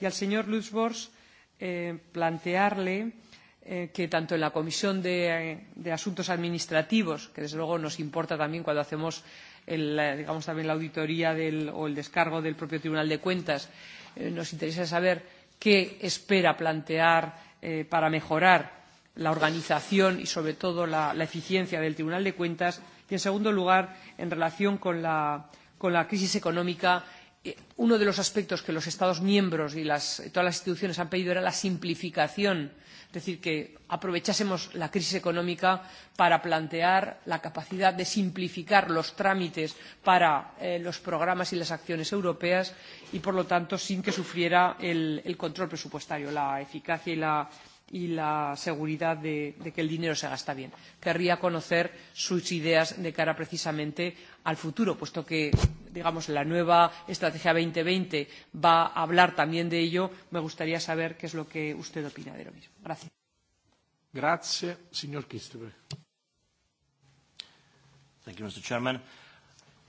Y al señor Lutzborg, eh, plantearle Eh, que tanto en la Comisión de, de, Asuntos Administrativos, que desde luego nos importa también cuando hacemos el, digamos, también la auditoría del, o el descargo del propio Tribunal de Cuentas, eh, nos interesa saber qué espera plantear eh, para mejorar la organización y, sobre todo, la, la, eficiencia del Tribunal de Cuentas. Y, en segundo lugar, en relación con la, con la crisis económica uno de los aspectos que los Estados miembros y las, todas las instituciones han pedido era la simplificación, es decir, que aprovechásemos la crisis económica para plantear la capacidad de simplificar los trámites para eh, los programas y las acciones europeas y, por lo tanto, sin que sufriera el, el control presupuestario, la eficacia y la y la seguridad de, de, que el dinero se gasta bien. Querría conocer sus ideas de cara precisamente al futuro, puesto que digamos, la nueva Estrategia dos mil veinte va a hablar también de ello. Me gustaría saber qué es lo que usted opina de lo mismo. Gracias. Thank you, Mr. Chairman.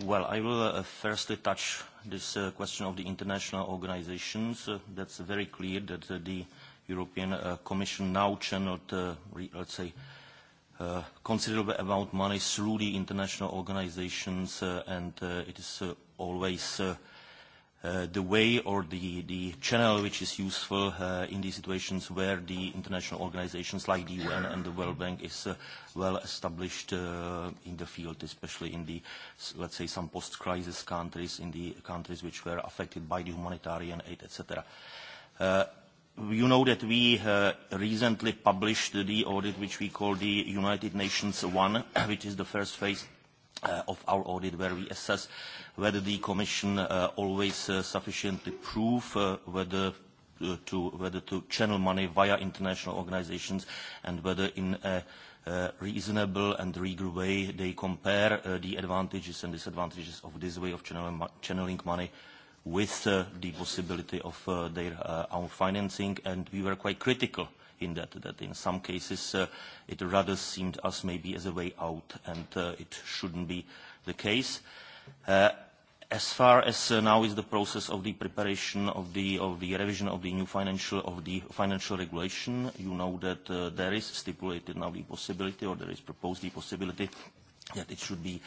Well, I will uh, firstly touch this uh, question of the international organizations. Uh, that's very clear that uh, the European uh, Commission now channeled, uh, re, let's say, uh, considerable amount of money through the international organizations, uh, and uh, it is uh, always uh, uh, the way or the, the channel which is useful uh, in these situations where the international organizations like the UN and the World Bank is uh, well established uh, in the field, especially in the, let's say, some post-crisis countries, in the countries which were affected by the humanitarian aid, etc. Uh, you know that we uh, recently published the audit which we call the United Nations One, which is the first phase uh, of our audit where we assess whether the Commission uh, always uh, sufficiently prove uh, whether uh, to whether to channel money via international organizations and whether in a uh, reasonable and legal way they compare uh, the advantages and disadvantages of this way of channeling, channeling money uh, with uh, the possibility of uh, their uh, own financing, and we were quite critical in that, that in some cases uh, it rather seemed us maybe as a way out, and uh, it shouldn't be the case. Uh, as far as uh, now is the process of the preparation of the, of the revision of the new financial, of the financial regulation, you know that uh, there is stipulated now the possibility, or there is proposed the possibility that it should be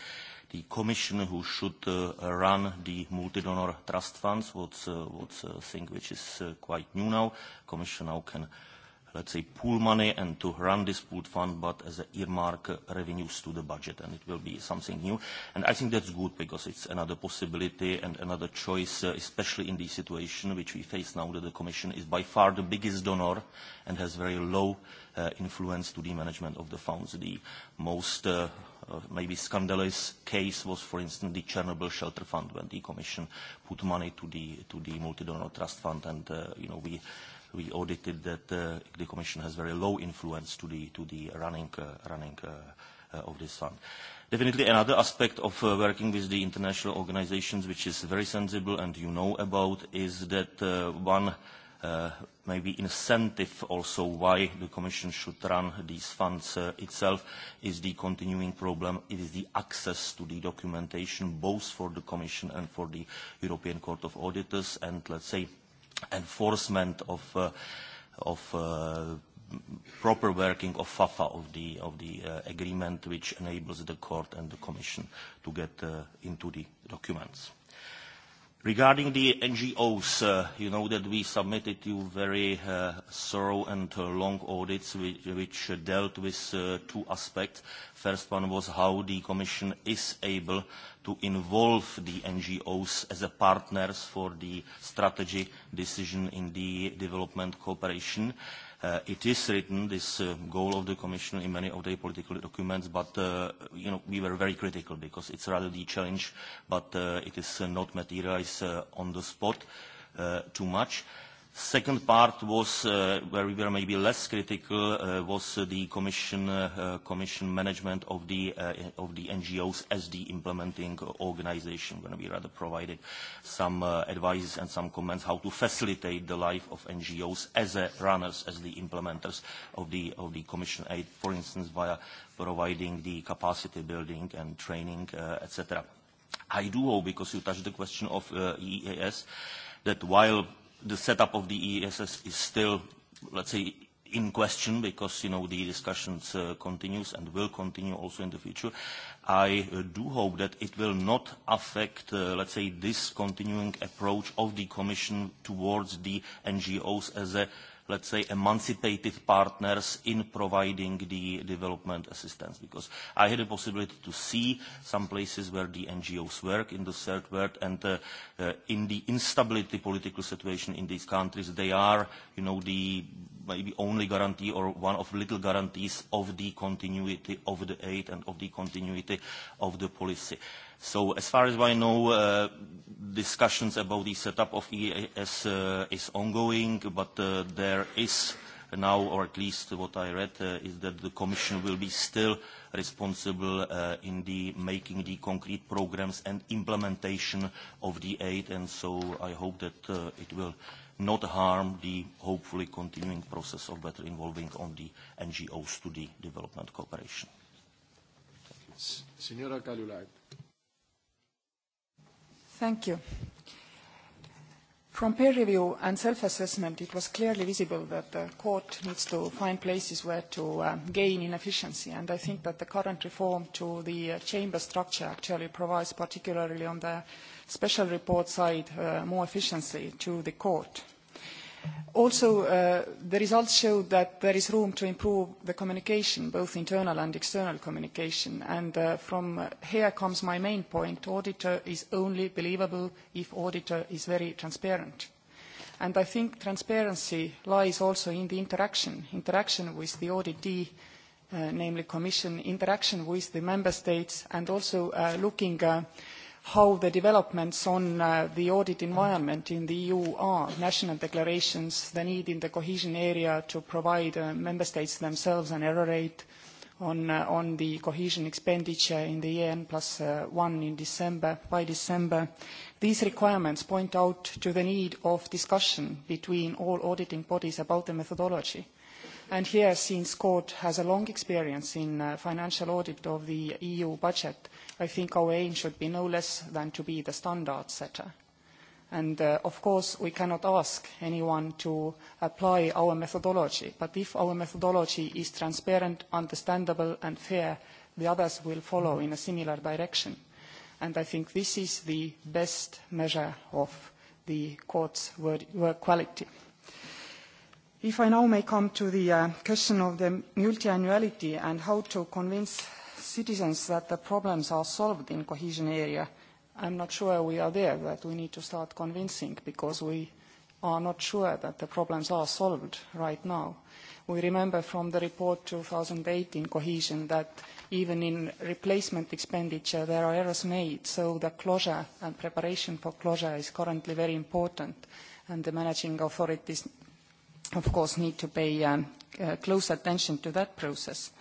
the commission who should uh, run the multi-donor trust funds, what's, uh, what's a uh, thing which is uh, quite new now. Commission now can, let's say, pool money and to run this pooled fund, but as an earmark uh, revenues to the budget, and it will be something new. And I think that's good because it's another possibility and another choice, uh, especially in the situation which we face now that the commission is by far the biggest donor and has very low uh, influence to the management of the funds. The most uh, uh, maybe scandalous case was, for instance, the Chernobyl Shelter Fund, when the Commission put money to the, to the multi-donor trust fund, and uh, you know, we, we audited that uh, the Commission has very low influence to the, to the running, uh, running uh, uh, of this fund. Definitely another aspect of uh, working with the international organizations, which is very sensible and you know about, is that uh, one Uh, maybe incentive also why the Commission should run these funds uh, itself is the continuing problem. It is the access to the documentation both for the Commission and for the European Court of Auditors and let's say enforcement of, uh, of uh, proper working of FAFA, of the, of the uh, agreement which enables the Court and the Commission to get uh, into the documents. Regarding the NGOs, uh, you know that we submitted two very uh, thorough and uh, long audits which, dealt with two aspects. First one was how the Commission is able to involve the NGOs as a partners for the strategy decision in the development cooperation. Uh, it is written, this uh, goal of the Commission, in many of the political documents, but uh, you know, we were very critical because it's rather the challenge, but uh, it is uh, not materialized uh, on the spot uh, too much. Uh, Second part was uh, where we were maybe less critical uh, was uh, the commission, uh, uh commission management of the, uh, of the NGOs as the implementing organization when we rather provided some uh, advice and some comments how to facilitate the life of NGOs as a uh, runners, as the implementers of the, of the commission aid, for instance, via providing the capacity building and training, uh, etc. I do hope, because you touched the question of uh, EEAS, that while the setup of the EESS is still, let's say, in question because, you know, the discussions uh, continues and will continue also in the future. I uh, do hope that it will not affect, uh, let's say, this continuing approach of the Commission towards the NGOs as a let's say, emancipated partners in providing the development assistance. Because I had a possibility to see some places where the NGOs work in the third world, and uh, uh, in the instability political situation in these countries, they are, you know, the maybe only guarantee or one of little guarantees of the continuity of the aid and of the continuity of the policy. So as far as I know, uh, discussions about the setup of EAS uh, is ongoing, but uh, there is now, or at least what I read, uh, is that the Commission will be still responsible uh, in the making the concrete programs and implementation of the aid, and so I hope that uh, it will not harm the hopefully continuing process of better involving on the NGOs to the development cooperation. Signora Kalulait. Thank you. From peer review and self-assessment, it was clearly visible that the court needs to find places where to uh, gain in efficiency, and I think that the current reform to the uh, chamber structure actually provides particularly on the special report side uh, more efficiency to the court. Also, uh, the results show that there is room to improve the communication, both internal and external communication. And uh, from uh, here comes my main point. Auditor is only believable if auditor is very transparent. And I think transparency lies also in the interaction, interaction with the auditee, uh, namely Commission, interaction with the Member States, and also uh, looking how the developments on uh, the audit environment in the EU are, national declarations, the need in the cohesion area to provide uh, member states themselves an error rate on, uh, on the cohesion expenditure in the year N plus uh, one in December, by December. These requirements point out to the need of discussion between all auditing bodies about the methodology. And here, since court has a long experience in uh, financial audit of the EU budget, i think our aim should be no less than to be the standard setter. And uh, of course, we cannot ask anyone to apply our methodology, but if our methodology is transparent, understandable and fair, the others will follow in a similar direction. And I think this is the best measure of the court's work quality. If I now may come to the uh, question of the multiannuality and how to convince citizens that the problems are solved in cohesion area, I'm not sure we are there, that we need to start convincing because we are not sure that the problems are solved right now. We remember from the report 2008 in cohesion that even in replacement expenditure there are errors made, so the closure and preparation for closure is currently very important, and the managing authorities, of course, need to pay um, uh, close attention to that process. Uh,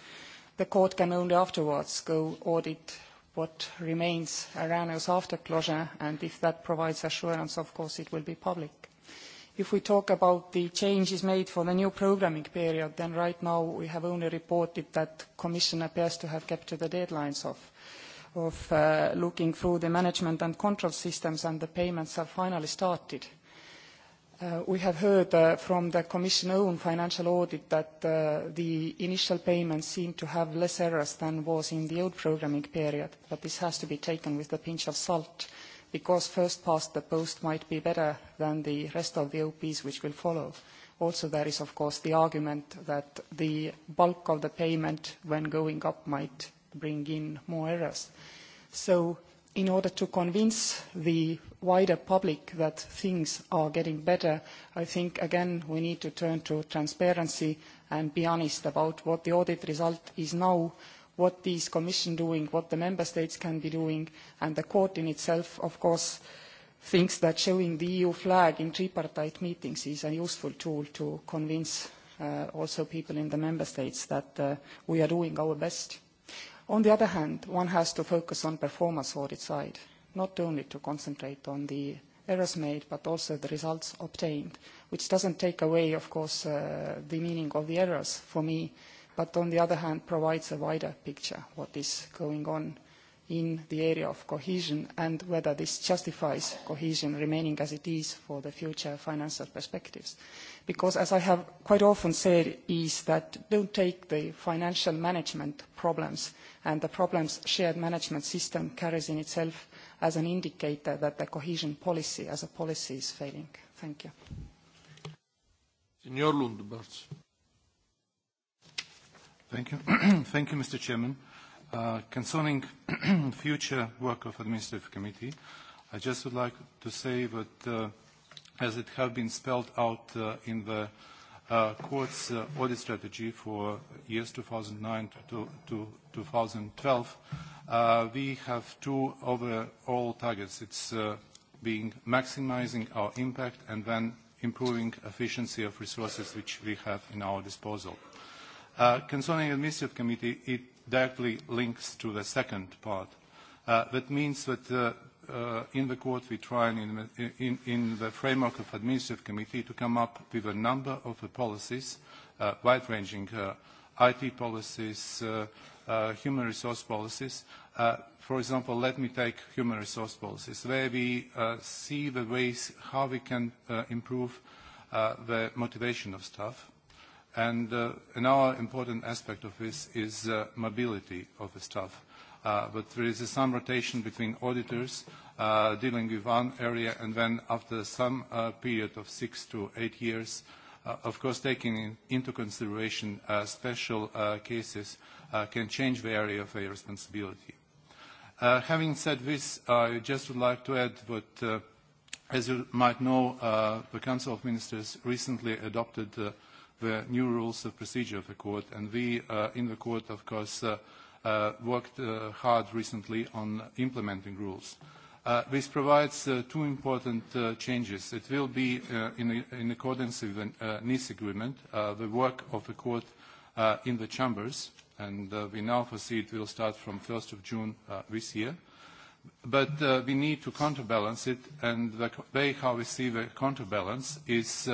the court can only afterwards go audit what remains Arano's after closure, and if that provides assurance, of course, it will be public. If we talk about the changes made for the new programming period, then right now we have only reported that Commission appears to have kept to the deadlines of, uh, looking through the management and control systems, and the payments have finally started. Uh, we have heard uh, from the Commission own financial audit that uh, the initial payments seem to have less errors than was in the old programming period, but this has to be taken with a pinch of salt because first past the post might be better than the rest of the OPs which will follow. Also, there is, of course, the argument that the bulk of the payment when going up might bring in more errors. So in order to convince the wider public that things are getting better, I think, again, we need to turn to transparency and be honest about what the audit result is now, what this commission doing, what the member states can be doing, and the court in itself, of course, thinks that showing the EU flag in tripartite meetings is a useful tool to convince uh, also people in the member states that uh, we are doing our best. On the other hand, one has to focus on performance audit side not only to concentrate on the errors made, but also the results obtained, which doesn't take away, of course, uh, the meaning of the errors for me, but on the other hand, provides a wider picture what is going on in the area of cohesion and whether this justifies cohesion remaining as it is for the future financial perspectives. Because as I have quite often said is that don't take the financial management problems and the problems shared management system carries in itself as an indicator that the cohesion policy as a policy is failing. Thank you. Senor Lundberg. Thank you. Thank you, Mr. Chairman. Uh, concerning future work of Administrative Committee, I just would like to say that, uh, as it has been spelled out uh, in the uh, court's uh, audit strategy for years 2009 to, to 2012, uh, we have two overall targets. It's uh, being maximizing our impact and then improving efficiency of resources which we have in our disposal. Uh, concerning administrative committee, it directly links to the second part. Uh, that means that uh, uh, in the court, we try in, in, in the framework of administrative committee to come up with a number of the policies, uh, wide-ranging uh, IT policies, uh, uh, human resource policies. Uh, for example, let me take human resource policies, where we uh, see the ways how we can uh, improve uh, the motivation of staff. And uh, another important aspect of this is uh, mobility of the staff. Uh, Uh, but there is some rotation between auditors uh, dealing with one area and then after some uh, period of six to eight years, of course taking in, into consideration special uh, cases can change the area of their responsibility. having said this, I just would like to add that, as you might know, uh, the Council of Ministers recently adopted the new rules of procedure of the Court, and we uh, in the Court, of course, uh, uh, worked uh, hard recently on implementing rules. Uh, this provides uh, two important uh, changes. It will be uh, in, in accordance with the uh, Nice Agreement, uh, the work of the court in the chambers, and we now foresee it will start from 1st of June this year. But we need to counterbalance it, and the way how we see the counterbalance is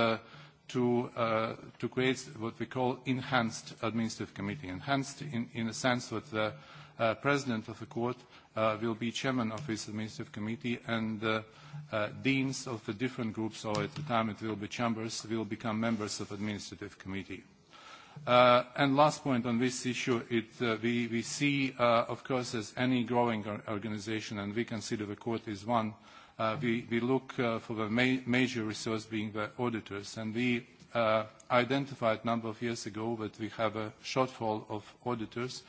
Uh, to, create what we call enhanced administrative committee, enhanced in, in a sense that the uh, president of the court uh, will be chairman of his administrative committee and the deans of the different groups, or at the time it will be chambers, will become members of administrative committee. and last point on this issue, it, we, we see, of course, as any growing organization, and we consider the court is one, Uh, we, we look uh, for the major resource being the auditors. And we uh, identified a number of years ago that we have a shortfall of auditors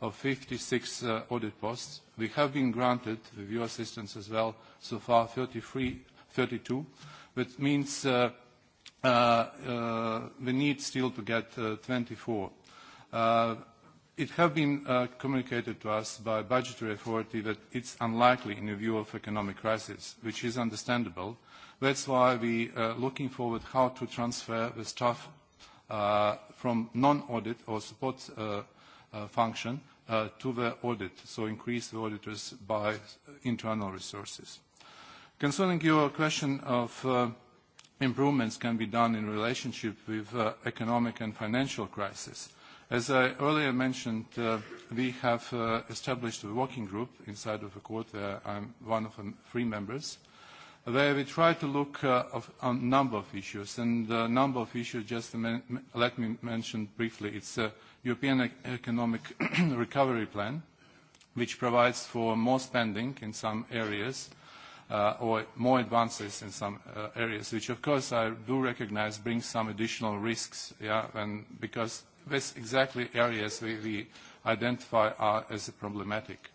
of 56 uh, audit posts. We have been granted, with your assistance as well, so far 32, which means uh, uh, we need still to get uh, 24. Uh, It has been uh, communicated to us by budgetary authority that it's unlikely in view of economic crisis, which is understandable. That's why we are uh, looking forward how to transfer the staff uh, from non-audit or support uh, uh, function uh, to the audit, so increase the auditors by internal resources. Concerning your question of uh, improvements can be done in relationship with uh, economic and financial crisis, As I earlier mentioned, uh, we have uh, established a working group inside of the court. where I'm one of the three members where we try to look at uh, on a number of issues. And a number of issues, just let me mention briefly, it's a European Economic Recovery Plan, which provides for more spending in some areas uh, or more advances in some uh, areas, which of course I do recognize brings some additional risks, yeah, and because with exactly areas we, we identify are as problematic.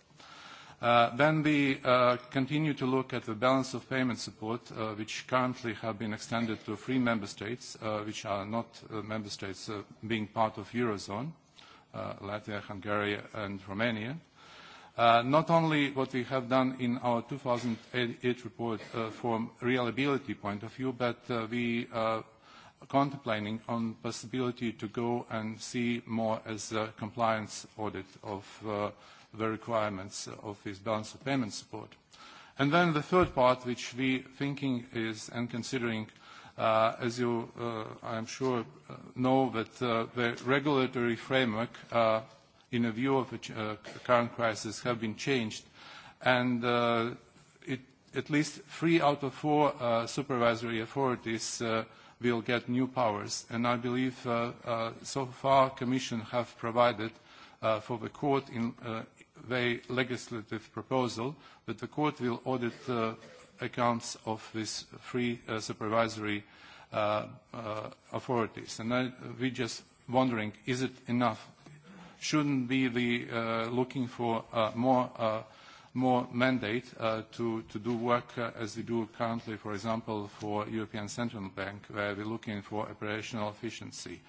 Uh, then we uh, continue to look at the balance of payment support, uh, which currently have been extended to three member states, uh, which are not uh, member states uh, being part of Eurozone, Latvia, Hungary, and Romania. Not only what we have done in our 2008 report from reliability point of view, but we contemplating on possibility to go and see more as a compliance audit of uh, the requirements of this balance of payment support. And then the third part, which we thinking is and considering, uh, as you, uh, I'm sure, uh, know that uh, the regulatory framework, uh, in a view of the uh, current crisis, have been changed, and uh, it, at least three out of four uh, supervisory authorities uh, will get new powers. And I believe uh, uh, so far Commission have provided uh, for the court in uh, the legislative proposal that the court will audit uh, accounts of these three uh, supervisory uh, uh, authorities. And I, we just wondering, is it enough? Shouldn't be the uh, looking for uh, more uh, more mandate uh, to, do work uh, as we do currently, for example, for European Central Bank, where we're looking for operational efficiency,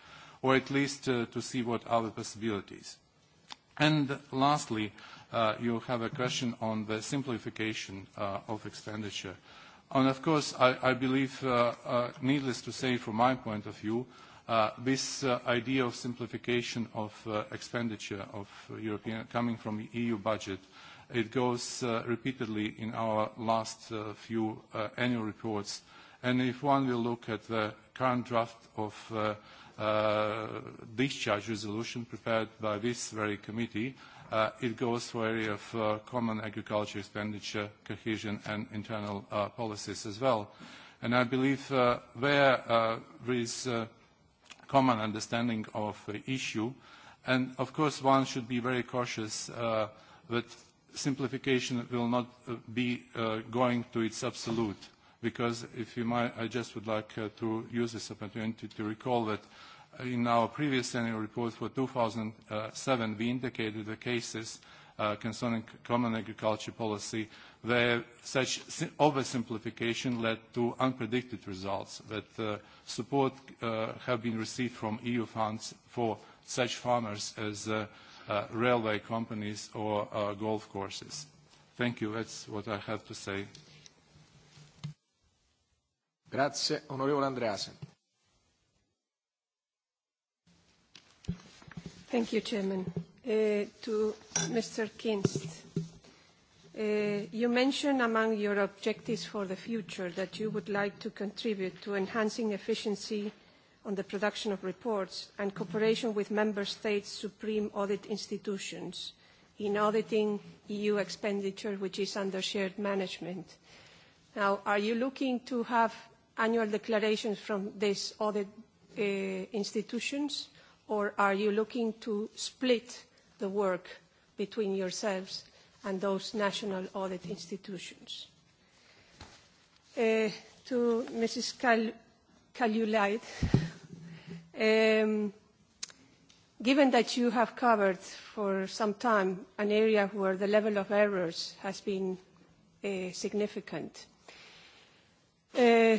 or at least uh, to see what are the possibilities. And lastly, you have a question on the simplification of expenditure. And of course, I, I believe, needless to say from my point of view, this idea of simplification of expenditure of European coming from the EU budget It goes uh, repeatedly in our last uh, few uh, annual reports. if one will look at the current draft of discharge resolution prepared by this very committee, it goes for area of common agriculture expenditure, cohesion and internal policies as well. I believe where there is a common understanding of the issue, and of course one should be very cautious that simplification will not uh, be uh, going to its absolute, because if you might, I just would like uh, to use this opportunity to recall that in our previous annual report for 2007, we indicated the cases concerning common agriculture policy where such oversimplification led to unpredicted results that support have been received from EU funds for such farmers as uh, railway companies or uh, golf courses. Thank you. That's what I have to say. Grazie, onorevole Andreasen. Thank you, Chairman. Uh, to Mr. Kinst, uh, you mentioned among your objectives for the future that you would like to contribute to enhancing efficiency on the production of reports and cooperation with member states' supreme audit institutions in auditing EU expenditure, which is under shared management. Now, are you looking to have annual declarations from these audit uh, institutions, or are you looking to split the work between yourselves and those national audit institutions? Uh, to Mrs. Kyle Can you light? Um, given that you have covered for some time an area where the level of errors has been uh, significant, uh,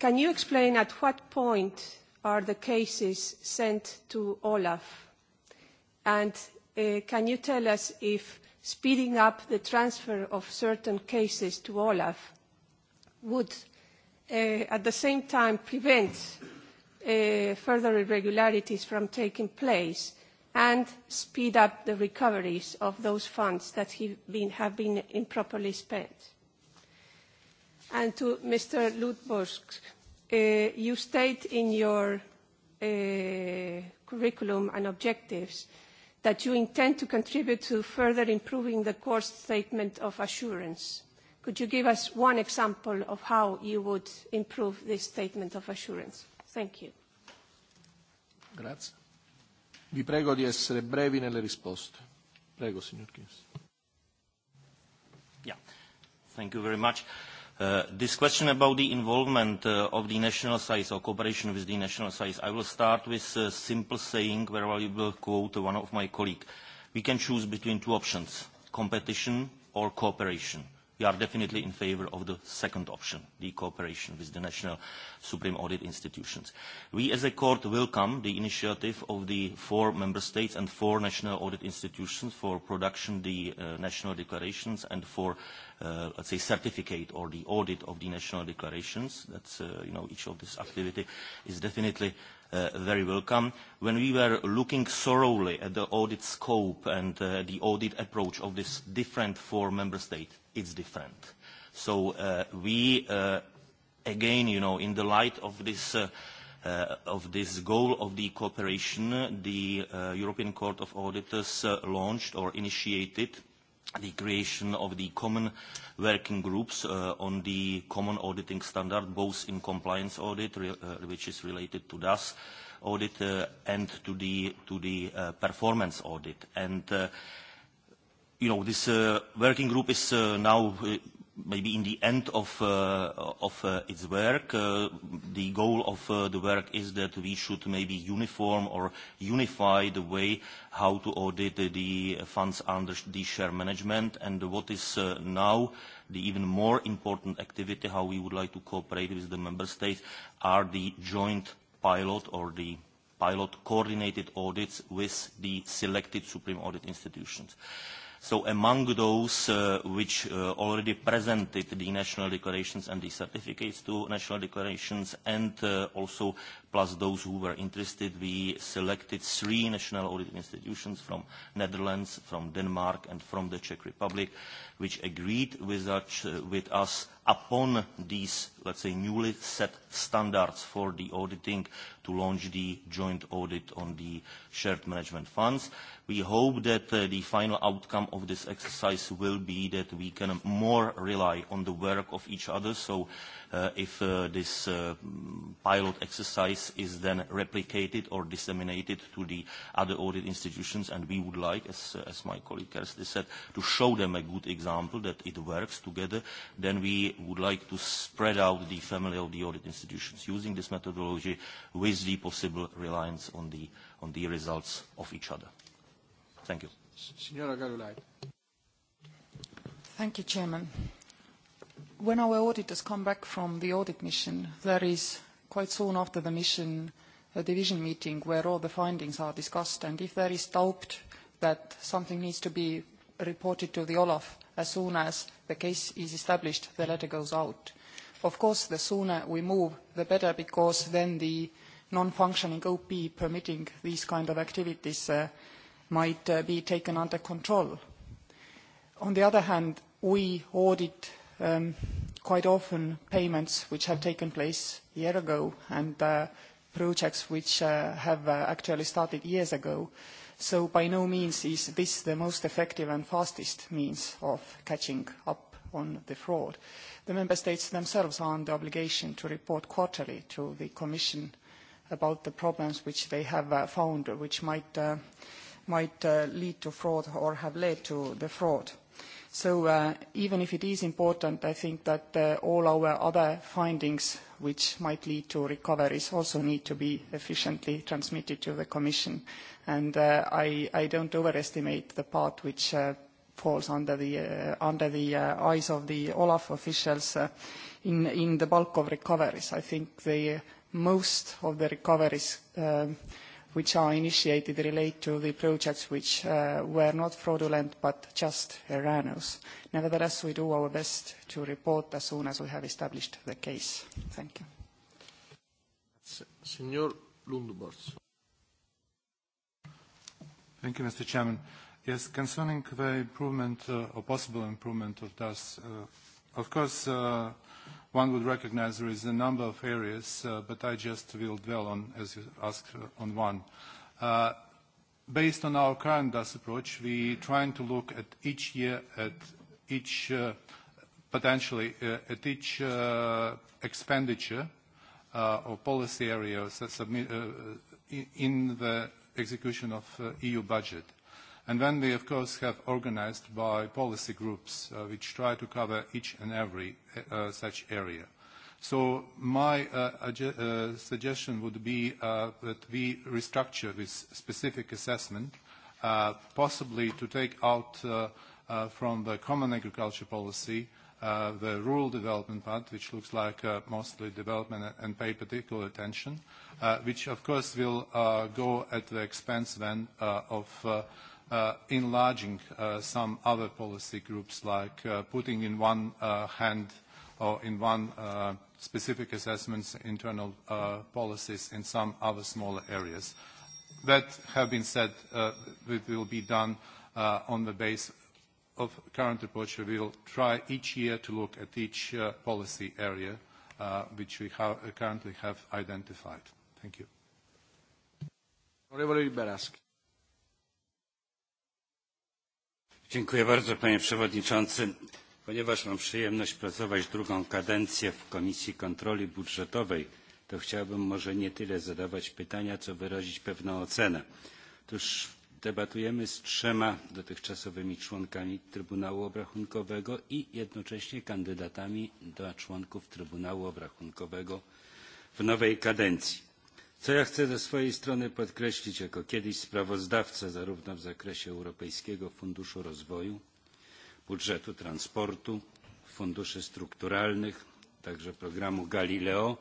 can you explain at what point are the cases sent to Olaf? And uh, can you tell us if speeding up the transfer of certain cases to Olaf would uh, at the same time prevents uh, further irregularities from taking place and speed up the recoveries of those funds that have been, have been improperly spent. And to Mr. Ludbursk, uh, you state in your uh, curriculum and objectives that you intend to contribute to further improving the core statement of assurance Could you give us one example of how you would improve this statement of assurance? Thank you. Grazie. Vi prego di essere brevi nelle risposte. Prego, signor Kins. Yeah. Thank you very much. Uh, this question about the involvement uh, of the national size or cooperation with the national size, I will start with a simple saying where I will quote one of my colleagues. We can choose between two options, competition or cooperation we are definitely in favor of the second option, the cooperation with the national supreme audit institutions. We as a court welcome the initiative of the four member states and four national audit institutions for production the uh, national declarations and for, uh, let's say, certificate or the audit of the national declarations. That's, uh, you know, each of this activity is definitely uh, very welcome. When we were looking thoroughly at the audit scope and uh, the audit approach of this different four member states, it's different. So uh, we, uh, again, you know, in the light of this, uh, uh, of this goal of the cooperation, the uh, European Court of Auditors uh, launched or initiated the creation of the common working groups uh, on the common auditing standard, both in compliance audit, re uh, which is related to DAS audit, uh, and to the, to the uh, performance audit. And uh, you know, this uh, working group is uh, now uh, maybe in the end of, uh, of uh, its work. Uh, the goal of uh, the work is that we should maybe uniform or unify the way how to audit uh, the funds under the share management and what is uh, now the even more important activity, how we would like to cooperate with the member states, are the joint pilot or the pilot coordinated audits with the selected supreme audit institutions. Uh, so among those uh, which uh, already presented the national declarations and the certificates to national declarations and uh, also plus those who were interested, we selected three national audit institutions from Netherlands, from Denmark, and from the Czech Republic, which agreed with us, uh, with us upon these, let's say, newly set standards for the auditing to launch the joint audit on the shared management funds. We hope that uh, the final outcome of this exercise will be that we can more rely on the work of each other. So Uh, if uh, this uh, pilot exercise is then replicated or disseminated to the other audit institutions. And we would like, as, uh, as my colleague Kersley said, to show them a good example that it works together. Then we would like to spread out the family of the audit institutions using this methodology with the possible reliance on the, on the results of each other. Thank you. Signora Galulai. Thank you, Chairman when our auditors come back from the audit mission, there is quite soon after the mission a division meeting where all the findings are discussed, and if there is doubt that something needs to be reported to the Olaf as soon as the case is established, the letter goes out. Of course, the sooner we move, the better, because then the non-functioning OP permitting these kind of activities uh, might uh, be taken under control. On the other hand, we audit Um, quite often payments which have taken place a year ago and uh, projects which uh, have uh, actually started years ago. So by no means is this the most effective and fastest means of catching up on the fraud. The member states themselves are under obligation to report quarterly to the Commission about the problems which they have uh, found, which might, uh, might uh, lead to fraud or have led to the fraud. So uh, even if it is important, I think that uh, all our other findings, which might lead to recoveries, also need to be efficiently transmitted to the Commission. And uh, I, I don't overestimate the part which falls under the, under the eyes of the Olaf officials in, in the bulk of recoveries. I think the most of the recoveries um, which are initiated relate to the projects which uh, were not fraudulent but just erroneous. Nevertheless, we do our best to report as soon as we have established the case. Thank you. Signor Lundborg. Thank you, Mr. Chairman. Yes, concerning the improvement uh, or possible improvement of DAS, uh, of course, uh, One would recognize there is a number of areas, uh, but I just will dwell on, as you asked, uh, on one. Uh, based on our current DAS approach, we trying to look at each year, at each, uh, potentially, uh, at each uh, expenditure uh, or policy area submit, uh, in the execution of uh, EU budget. And then we, of course, have organized by policy groups, uh, which try to cover each and every uh, such area. So my uh, uh, suggestion would be uh, that we restructure this specific assessment, uh, possibly to take out uh, uh, from the common agriculture policy uh, the rural development part, which looks like uh, mostly development and pay particular attention, uh, which of course will uh, go at the expense then uh, of uh, uh, enlarging uh, some other policy groups, like uh, putting in one uh, hand or in one uh, specific assessments internal uh, policies in some other smaller areas. That have been said, uh, it will be done uh, on the base of current approach. We will try each year to look at each uh, policy area uh, which we ha currently have identified. Thank you. Honorable Liberaski. panie przewodniczący. Ponieważ mam przyjemność pracować drugą kadencję w Komisji Kontroli Budżetowej, to chciałbym może nie tyle zadawać pytania, co wyrazić pewną ocenę. Otóż debatujemy z trzema dotychczasowymi członkami Trybunału Obrachunkowego i jednocześnie kandydatami do członków Trybunału Obrachunkowego w nowej kadencji co ja chcę ze swojej strony podkreślić jako kiedyś sprawozdawca zarówno w zakresie Europejskiego Funduszu Rozwoju, budżetu transportu, funduszy strukturalnych, także programu Galileo,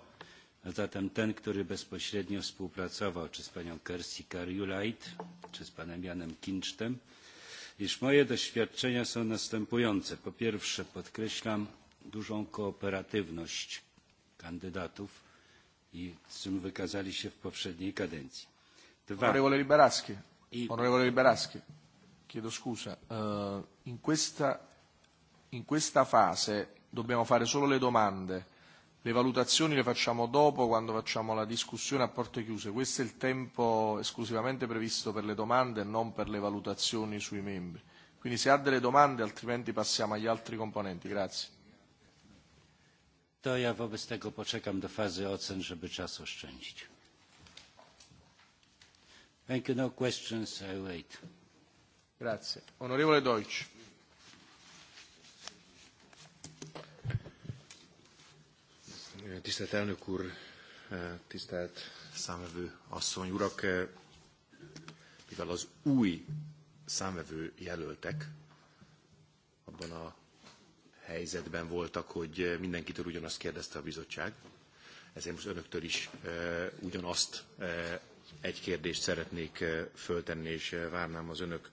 a zatem ten, który bezpośrednio współpracował czy z panią Kersti Kariulait, czy z panem Janem Kincztem, iż moje doświadczenia są następujące. Po pierwsze podkreślam dużą kooperatywność kandydatów i z czym wykazali się w poprzedniej kadencji. Dwa. Onorevole Liberaschi, I... onorevole Liberaschi, chiedo scusa, uh, in, questa, in questa fase dobbiamo fare solo le domande, le valutazioni le facciamo dopo quando facciamo la discussione a porte chiuse, questo è il tempo esclusivamente previsto per le domande e non per le valutazioni sui membri. Quindi se ha delle domande altrimenti passiamo agli altri componenti. Grazie to ja wobec tego poczekam do fazy ocen, żeby czas oszczędzić. Thank you. No questions. I wait. Grazie. Onorevole Deutsch. Tisztelt elnök úr, eh, tisztelt számvevő asszony, urak! Eh, mivel az új számvevő jelöltek abban a helyzetben voltak, hogy eh, mindenkitől ugyanazt kérdezte a bizottság. Ezért most önöktől is eh, ugyanazt eh, egy kérdést szeretnék föltenni, és várnám az önök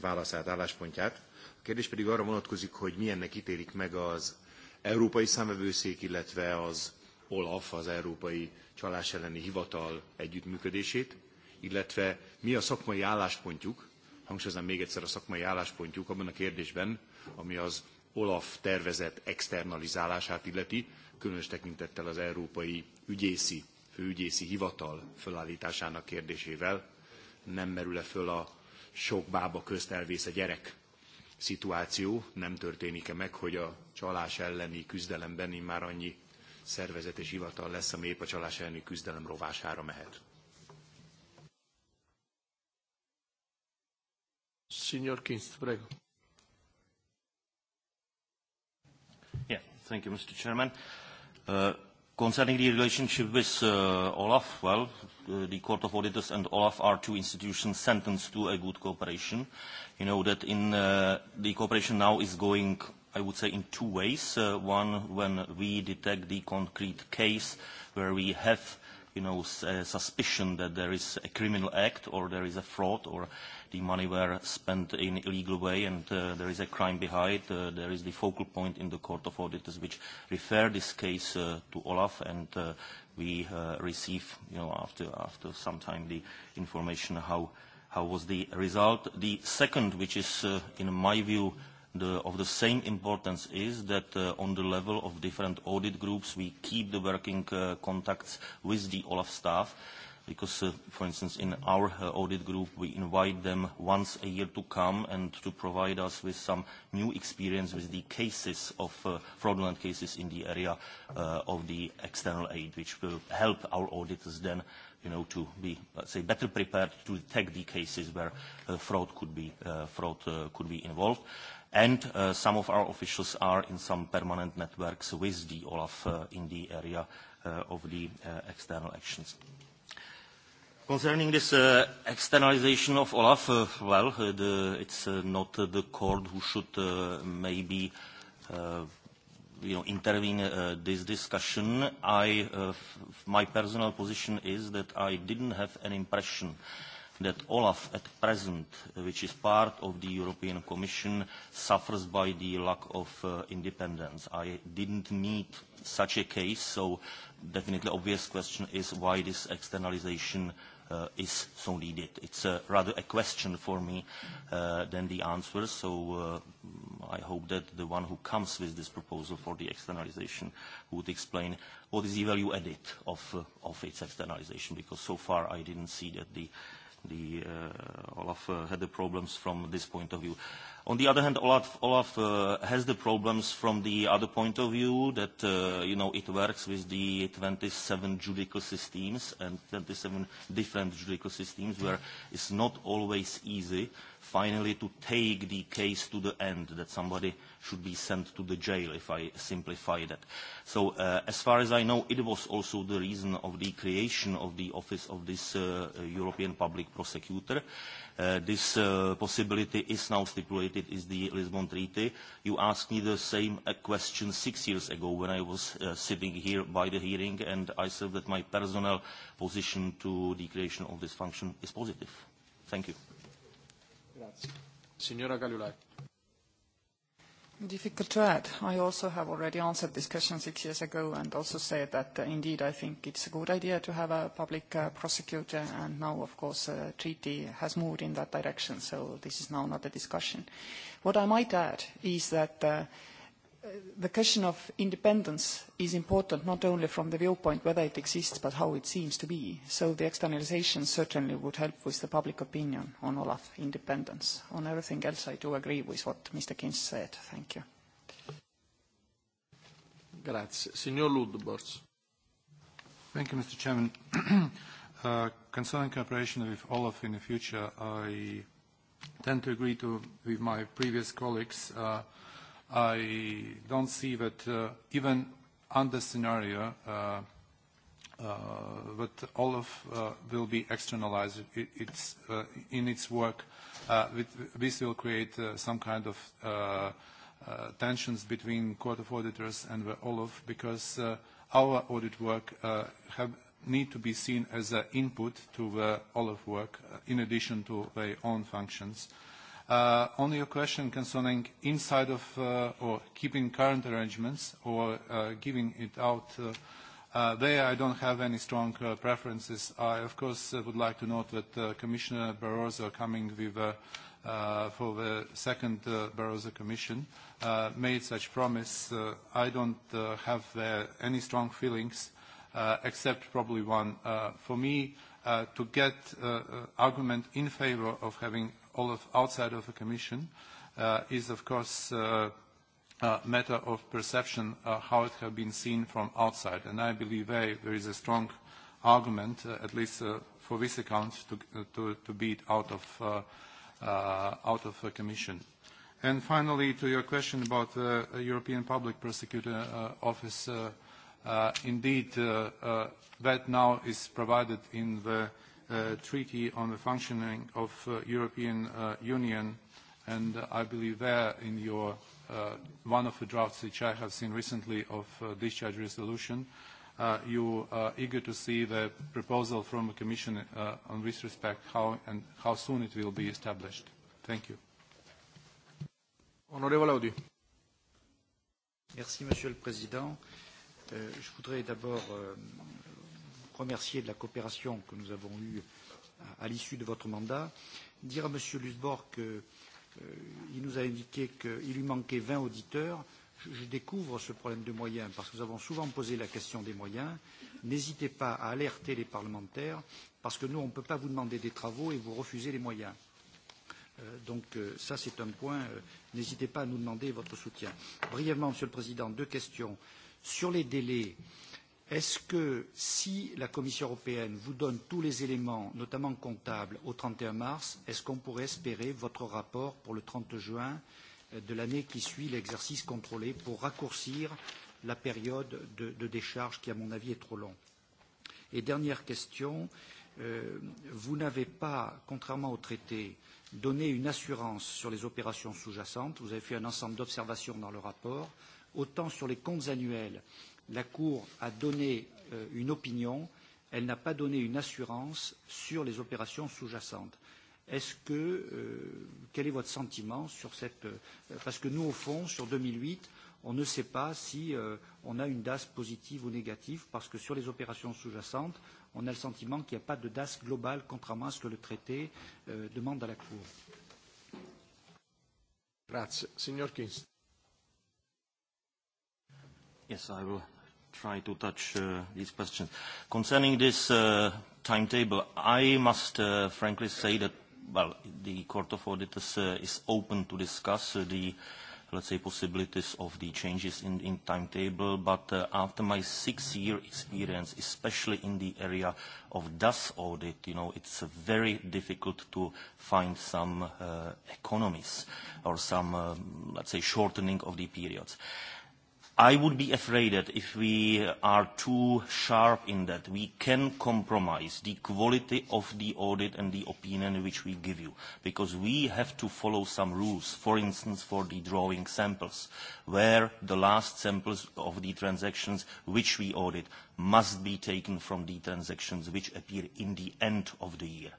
válaszát, álláspontját. A kérdés pedig arra vonatkozik, hogy milyennek ítélik meg az Európai Számvevőszék, illetve az OLAF, az Európai Csalás elleni Hivatal együttműködését, illetve mi a szakmai álláspontjuk, hangsúlyoznám még egyszer a szakmai álláspontjuk abban a kérdésben, ami az Olaf tervezett externalizálását illeti, különös tekintettel az Európai Ügyészi, Főügyészi Hivatal fölállításának kérdésével, nem merül-e föl a sok bába közt elvész a gyerek szituáció, nem történik-e meg, hogy a csalás elleni küzdelemben már annyi szervezet és hivatal lesz, ami épp a csalás elleni küzdelem rovására mehet. Signor prego. Thank you, Mr. Chairman. Uh, concerning the relationship with uh, Olaf, well, uh, the Court of Auditors and Olaf are two institutions sentenced to a good cooperation. You know that in uh, the cooperation now is going, I would say, in two ways. Uh, one, when we detect the concrete case where we have you know, uh, suspicion that there is a criminal act or there is a fraud or the money were spent in illegal way and uh, there is a crime behind. Uh, there is the focal point in the Court of Auditors which refer this case uh, to Olaf and uh, we uh, receive, you know, after, after some time the information how, how was the result. The second, which is, uh, in my view, of the same importance is that uh, on the level of different audit groups, we keep the working uh, contacts with the OLAF staff because, uh, for instance, in our uh, audit group, we invite them once a year to come and to provide us with some new experience with the cases of uh, fraudulent cases in the area uh, of the external aid, which will help our auditors then you know, to be, let's say, better prepared to detect the cases where uh, fraud could be, uh, fraud, uh, could be involved. And uh, some of our officials are in some permanent networks with the OLAF uh, in the area uh, of the uh, external actions. Concerning this uh, externalization of Olaf, uh, well, uh, the, it's uh, not uh, the court who should uh, maybe uh, you know, intervene uh, this discussion. I, uh, f my personal position is that I didn't have an impression uh, that Olaf at present, which is part of the European Commission, suffers by the lack of uh, independence. I didn't need such a case, so definitely obvious question is why this externalization uh, is so needed. It's a, uh, rather a question for me uh, than the answer, so uh, I hope that the one who comes with this proposal for the externalization would explain what is the value added of, uh, of its externalization, because so far I didn't see that the uh, the uh, Olaf uh, had the problems from this point of view. On the other hand, Olaf, Olaf uh, has the problems from the other point of view that uh, you know it works with the 27 judicial systems and 27 different judicial systems where it's not always easy uh, finally to take the case to the end, that somebody should be sent to the jail, if I simplify that. So uh, as far as I know, it was also the reason of the creation of the office of this uh, European public prosecutor. Uh, this uh, possibility is now stipulated in the Lisbon Treaty. You asked me the same uh, question six years ago when I was uh, sitting here by the hearing, and I said that my personal position to the creation of this function is positive. Thank you. Difficult to add. I also have already answered this question six years ago and also said that uh, indeed I think it's a good idea to have a public uh, prosecutor and now of course uh, treaty has moved in that direction so this is now not a discussion. What I might add is that uh, the question of independence is important not only from the viewpoint whether it exists but how it seems to be. So the externalisation certainly would help with the public opinion on Olaf independence. On everything else I do agree with what Mr. Kinz said. Thank you. Grazie. Signor Ludbors. Thank you, Mr. Chairman. uh, concerning cooperation with Olaf in the future, I tend to agree to, with my previous colleagues uh, i don't see that uh, even under scenario uh, uh, that Olaf will be externalized it's, in its work. with, this will create some kind of tensions between Court of Auditors and the Olaf because our audit work uh, have, need to be seen as an input to the Olaf work in addition to their own functions. Uh, on your question concerning inside of uh, or keeping current arrangements or uh, giving it out, uh, uh, there I don't have any strong preferences. I, of course, would like to note that Commissioner Barroso coming with for the second Barroso Commission made such promise. I don't have there any strong feelings, except probably one. For me, Uh, to get uh, argument in favor of having all of outside of the Commission uh, is, of course, uh, a uh, matter of perception, uh, how it has been seen from outside. And I believe there is a strong argument, uh, at least uh, for this account, to, uh, to, to be it out of, uh, uh, out of the Commission. And finally, to your question about the uh, European Public Prosecutor uh, Office, uh, uh, indeed, uh, uh, that now is provided in the Uh, treaty on the Functioning of uh, European uh, Union, and uh, I believe there in your uh, one of the drafts which I have seen recently of uh, discharge resolution, uh, you are uh, eager to see the proposal from the Commission uh, on this respect, how and how soon it will be established. Thank you. Honorable Audi. Merci, Monsieur le Président. Euh, je voudrais d'abord euh, remercier de la coopération que nous avons eue à, à l'issue de votre mandat, dire à M. Lusborg qu'il euh, nous a indiqué qu'il lui manquait 20 auditeurs. Je, je découvre ce problème de moyens parce que nous avons souvent posé la question des moyens. N'hésitez pas à alerter les parlementaires parce que nous, on ne peut pas vous demander des travaux et vous refuser les moyens. Euh, donc euh, ça, c'est un point. Euh, n'hésitez pas à nous demander votre soutien. Brièvement, Monsieur le Président, deux questions. Sur les délais, euh, Est-ce que si la Commission européenne vous donne tous les éléments, notamment comptables, au 31 mars, est-ce qu'on pourrait espérer votre rapport pour le 30 juin euh, de l'année qui suit l'exercice contrôlé pour raccourcir la période de, de décharge qui, à mon avis, est trop longue Et dernière question, euh, vous n'avez pas, contrairement au traité, donné une assurance sur les opérations sous-jacentes. Vous avez fait un ensemble d'observations dans le rapport. Autant sur les comptes annuels, la Cour a donné euh, une opinion, elle n'a pas donné une assurance sur les opérations sous-jacentes. Est-ce que, euh, quel est votre sentiment sur cette... Euh, parce que nous, au fond, sur 2008, on ne sait pas si euh, on a une DAS positive ou négative, parce que sur les opérations sous-jacentes, on a le sentiment qu'il n'y a pas de DAS globale, contrairement à ce que le traité euh, demande à la Cour. Grazie. Signor Kinston. Yes, I will try to touch uh, these questions. Concerning this uh, timetable, I must uh, frankly say that, well, the Court of Auditors uh, is open to discuss uh, the, let's say, possibilities of the changes in, in timetable, but uh, after my six-year experience, especially in the area of DAS audit, you know, it's very difficult to find some uh, economies or some, um, let's say, shortening of the periods. Uh, i would be afraid that if we are too sharp in that, we can compromise the quality of the audit and the opinion which we give you, because we have to follow some rules, for instance, for the drawing samples, where the last samples of the transactions which we audit must be taken from the transactions which appear in the end of the year.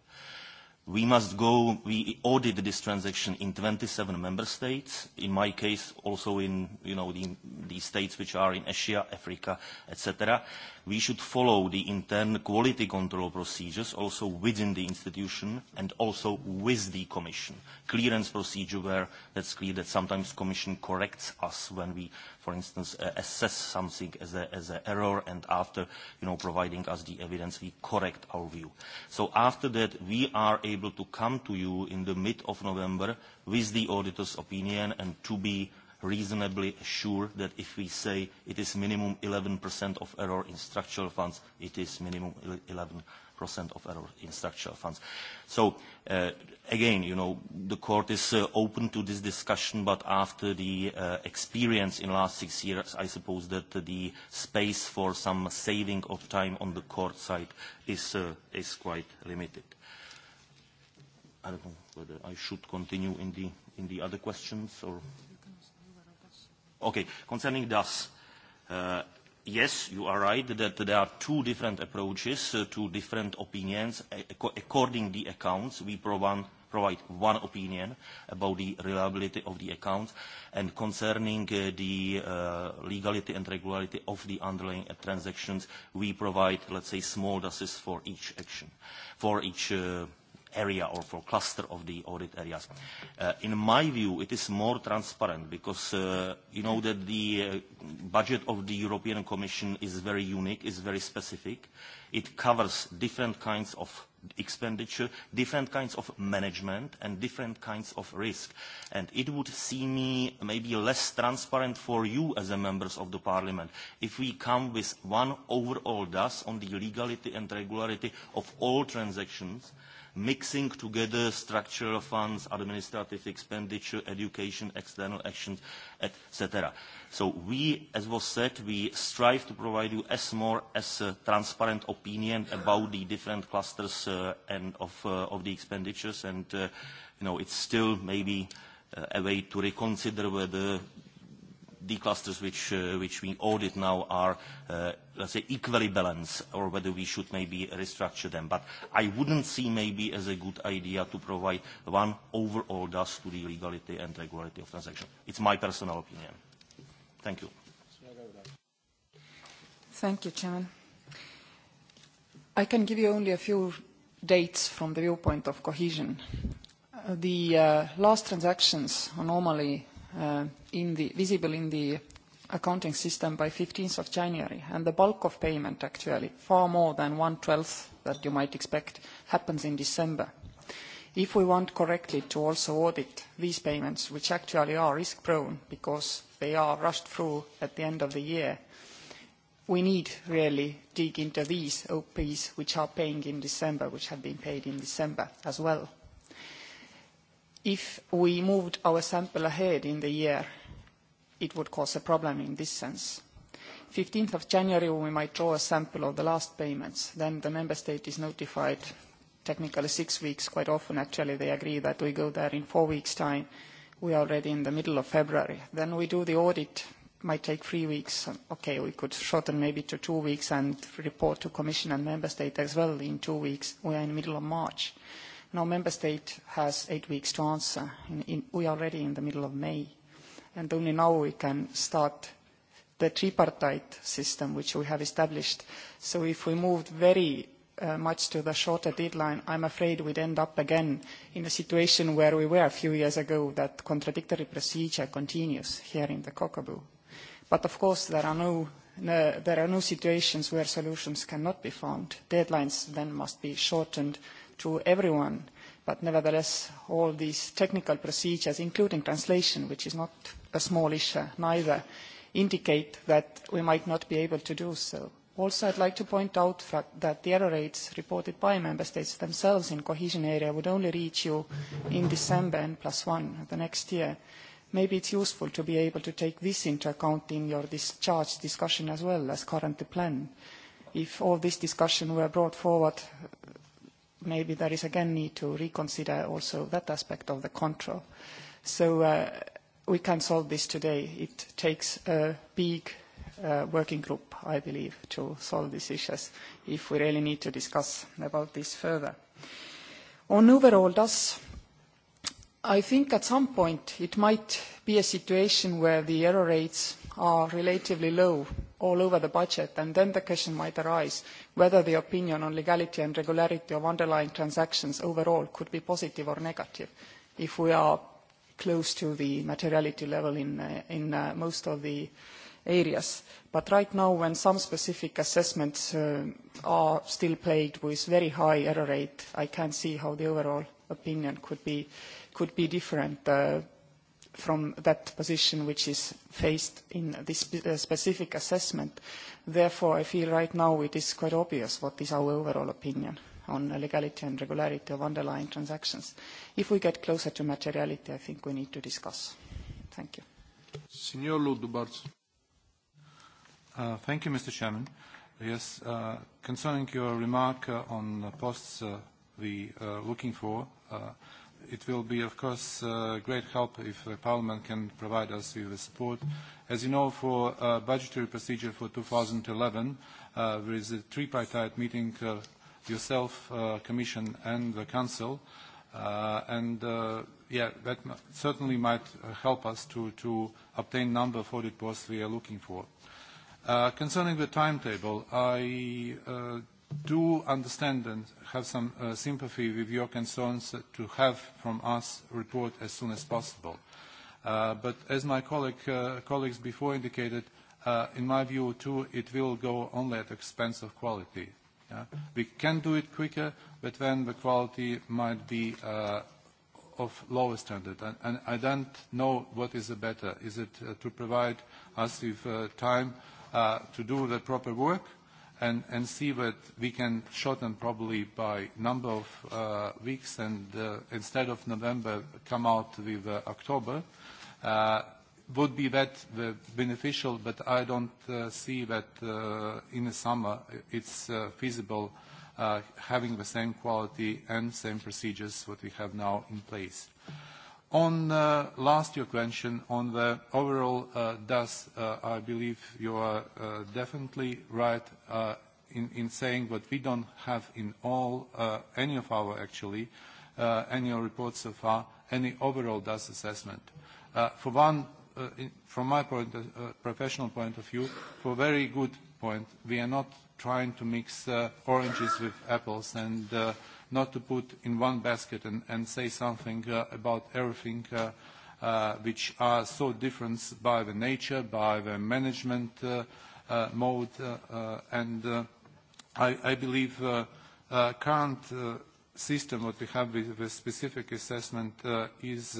We must go, we audit this transaction in 27 member states, in my case also in, you know, the, the states which are in Asia, Africa, etc we should follow the internal quality control procedures also within the institution and also with the Commission. Clearance procedure where that's clear that sometimes Commission corrects us when we, for instance, uh, assess something as an as a error and after you know, providing us the evidence, we correct our view. So after that, we are able to come to you in the mid of November with the auditor's opinion and to be reasonably sure that if we say it is minimum 11% of error in structural funds, it is minimum 11% of error in structural funds. So uh, again, you know, the court is uh, open to this discussion, but after the uh, experience in the last six years, I suppose that the space for some saving of time on the court side is, uh, is quite limited. I don't know whether I should continue in the, in the other questions or... Okay, concerning DAS, uh, yes, you are right that there are two different approaches, uh, two different opinions. according the accounts, we provide provide one opinion about the reliability of the accounts and concerning uh, the uh, legality and regularity of the underlying uh, transactions, we provide, let's say, small doses for each action, for each uh, area or for cluster of the audit areas. Uh, in my view, it is more transparent because uh, you know that the uh, budget of the European Commission is very unique, is very specific. It covers different kinds of expenditure, different kinds of management, and different kinds of risk. And it would seem me maybe less transparent for you as a members of the parliament if we come with one overall Dust on the legality and regularity of all transactions, uh, mixing together structural funds, administrative expenditure, education, external actions, etc. So we, as was said, we strive to provide you as more as a transparent opinion about the different clusters uh, and of, uh, of the expenditures and uh, you know, it's still maybe uh, a way to reconsider whether the clusters uh, which, we audit now are, uh, let's say, equally balanced, or whether we should maybe restructure them. But I wouldn't see maybe as a good idea to provide one overall dust to the legality and regularity of transaction. It's my personal opinion. Thank you. Thank you, Chairman. I can give you only a few dates from the viewpoint of cohesion. Uh, the last transactions are normally Uh, visible in the accounting system by 15th of January, and the bulk of payment actually, far more than one-twelfth that you might expect, happens in December. If we want correctly to also audit these payments, which actually are risk-prone because they are rushed through at the end of the year, we need really dig into these OPs which are paying in December, which have been paid in December as well if we moved our sample ahead in the year, it would cause a problem in this sense. 15th of January, we might draw a sample of the last payments. Then the member state is notified, technically six weeks. Quite often, actually, they agree that we go there in four weeks' time. We are already in the middle of February. Then we do the audit, might take three weeks. Okay, we could shorten maybe to two weeks and report to Commission and member state as well in two weeks. We are in the middle of March. No member state has eight weeks to answer. In, in, we are already in the middle of May, and only now we can start the tripartite system which we have established. So if we moved very uh, much to the shorter deadline, I'm afraid we'd end up again in a situation where we were a few years ago, that contradictory procedure continues here in the Kokobu. But of course, there are no, no, there are no situations where solutions cannot be found. Deadlines then must be shortened to everyone. But nevertheless, all these technical procedures, including translation, which is not a small issue neither, indicate that we might not be able to do so. Also, I would like to point out that the error rates reported by member states themselves in cohesion area would only reach you in December N plus one, the next year. Maybe it is useful to be able to take this into account in your discharge discussion as well as currently planned. If all this discussion were brought forward maybe there is again need to reconsider also that aspect of the control. So uh, we can solve this today. It takes a big uh, working group, I believe, to solve these issues if we really need to discuss about this further. On overall does I think at some point it might be a situation where the error rates are relatively low all over the budget and then the question might arise whether the opinion on legality and regularity of underlying transactions overall could be positive or negative if we are close to the materiality level in, uh, in uh, most of the areas. But right now, when some specific assessments uh, are still plagued with very high error rate, I can't see how the overall opinion could be, could be different. Uh, from that position which is faced in this uh, specific assessment. Therefore, I feel right now it is quite obvious what is our overall opinion on the legality and regularity of underlying transactions. If we get closer to materiality, I think we need to discuss. Thank you. Signor Uh, thank you, Mr. Chairman. Yes, uh, concerning your remark uh, on the posts uh, we are uh, looking for, uh, it will be, of course, a uh, great help if the Parliament can provide us with the support. As you know, for uh, budgetary procedure for 2011, uh, there is a tripartite meeting, uh, yourself, uh, Commission, and the Council. Uh, and, uh, yeah, that certainly might help us to, to obtain number of audit boards we are looking for. Uh, concerning the timetable, I uh, do understand and have some uh, sympathy with your concerns to have from us report as soon as possible. Uh, but as my colleague, uh, colleagues before indicated, uh, in my view too, it will go only at the expense of quality. Yeah? We can do it quicker, but then the quality might be uh, of lower standard. And, and I don't know what is the better. Is it uh, to provide us with uh, time uh, to do the proper work, and, and see that we can shorten probably by number of uh, weeks and uh, instead of November come out with uh, October. Uh, would be that the uh, beneficial, but I don't uh, see that uh, in the summer it's uh, feasible uh, having the same quality and same procedures what we have now in place. On uh, last your question on the overall uh, DAS, uh, I believe you are uh, definitely right uh, in, in saying what we don't have in all any of our actually annual reports so far, any overall DAS assessment. For one, from my point, professional point of view, for very good point, we are not trying to mix oranges with apples and not to put in one basket and, say something uh, about everything uh, uh, which are so different by the nature, by the management mode, and I, believe current system what we have with, the specific assessment is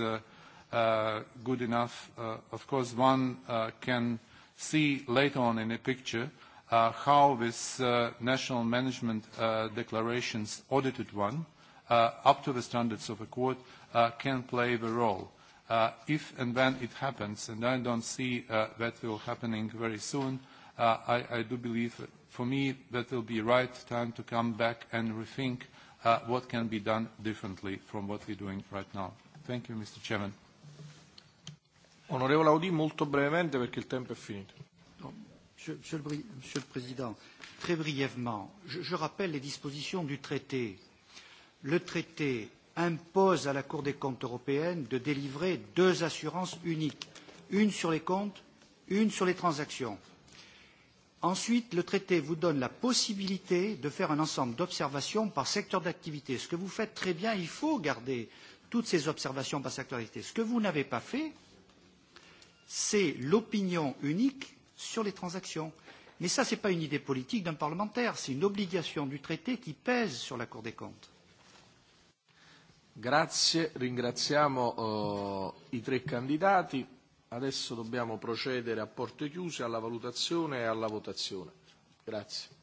good enough. of course, one can see later on in a picture uh, how this uh, national management uh, declarations audited one uh, up to the standards of the court uh, can play the role. Uh, if and when it happens, and I don't see uh, that will happening very soon, uh, I, I do believe that for me that will be right time to come back and rethink uh, what can be done differently from what we're doing right now. Thank you, Mr. Chairman. Onorevole Audi, molto brevemente perché il tempo è finito. Monsieur, le, monsieur le Président, très brièvement, je, je rappelle les dispositions du traité. Le traité impose à la Cour des comptes européenne de délivrer deux assurances uniques, une sur les comptes, une sur les transactions. Ensuite, le traité vous donne la possibilité de faire un ensemble d'observations par secteur d'activité. Ce que vous faites très bien, il faut garder toutes ces observations par secteur d'activité. Ce que vous n'avez pas fait, c'est l'opinion unique sur les transactions. Mais ça, ce n'est pas une idée politique d'un parlementaire, c'est une obligation du traité qui pèse sur la Cour des comptes. Grazie, ringraziamo uh, i tre candidati. Adesso dobbiamo procedere a porte chiuse alla valutazione e alla votazione. Grazie.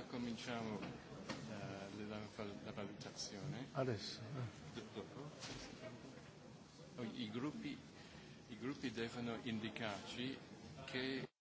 quando cominciamo eh, la, la, la valutazione? Adesso. Dopo? Eh. Oh, I gruppi, I gruppi devono indicarci che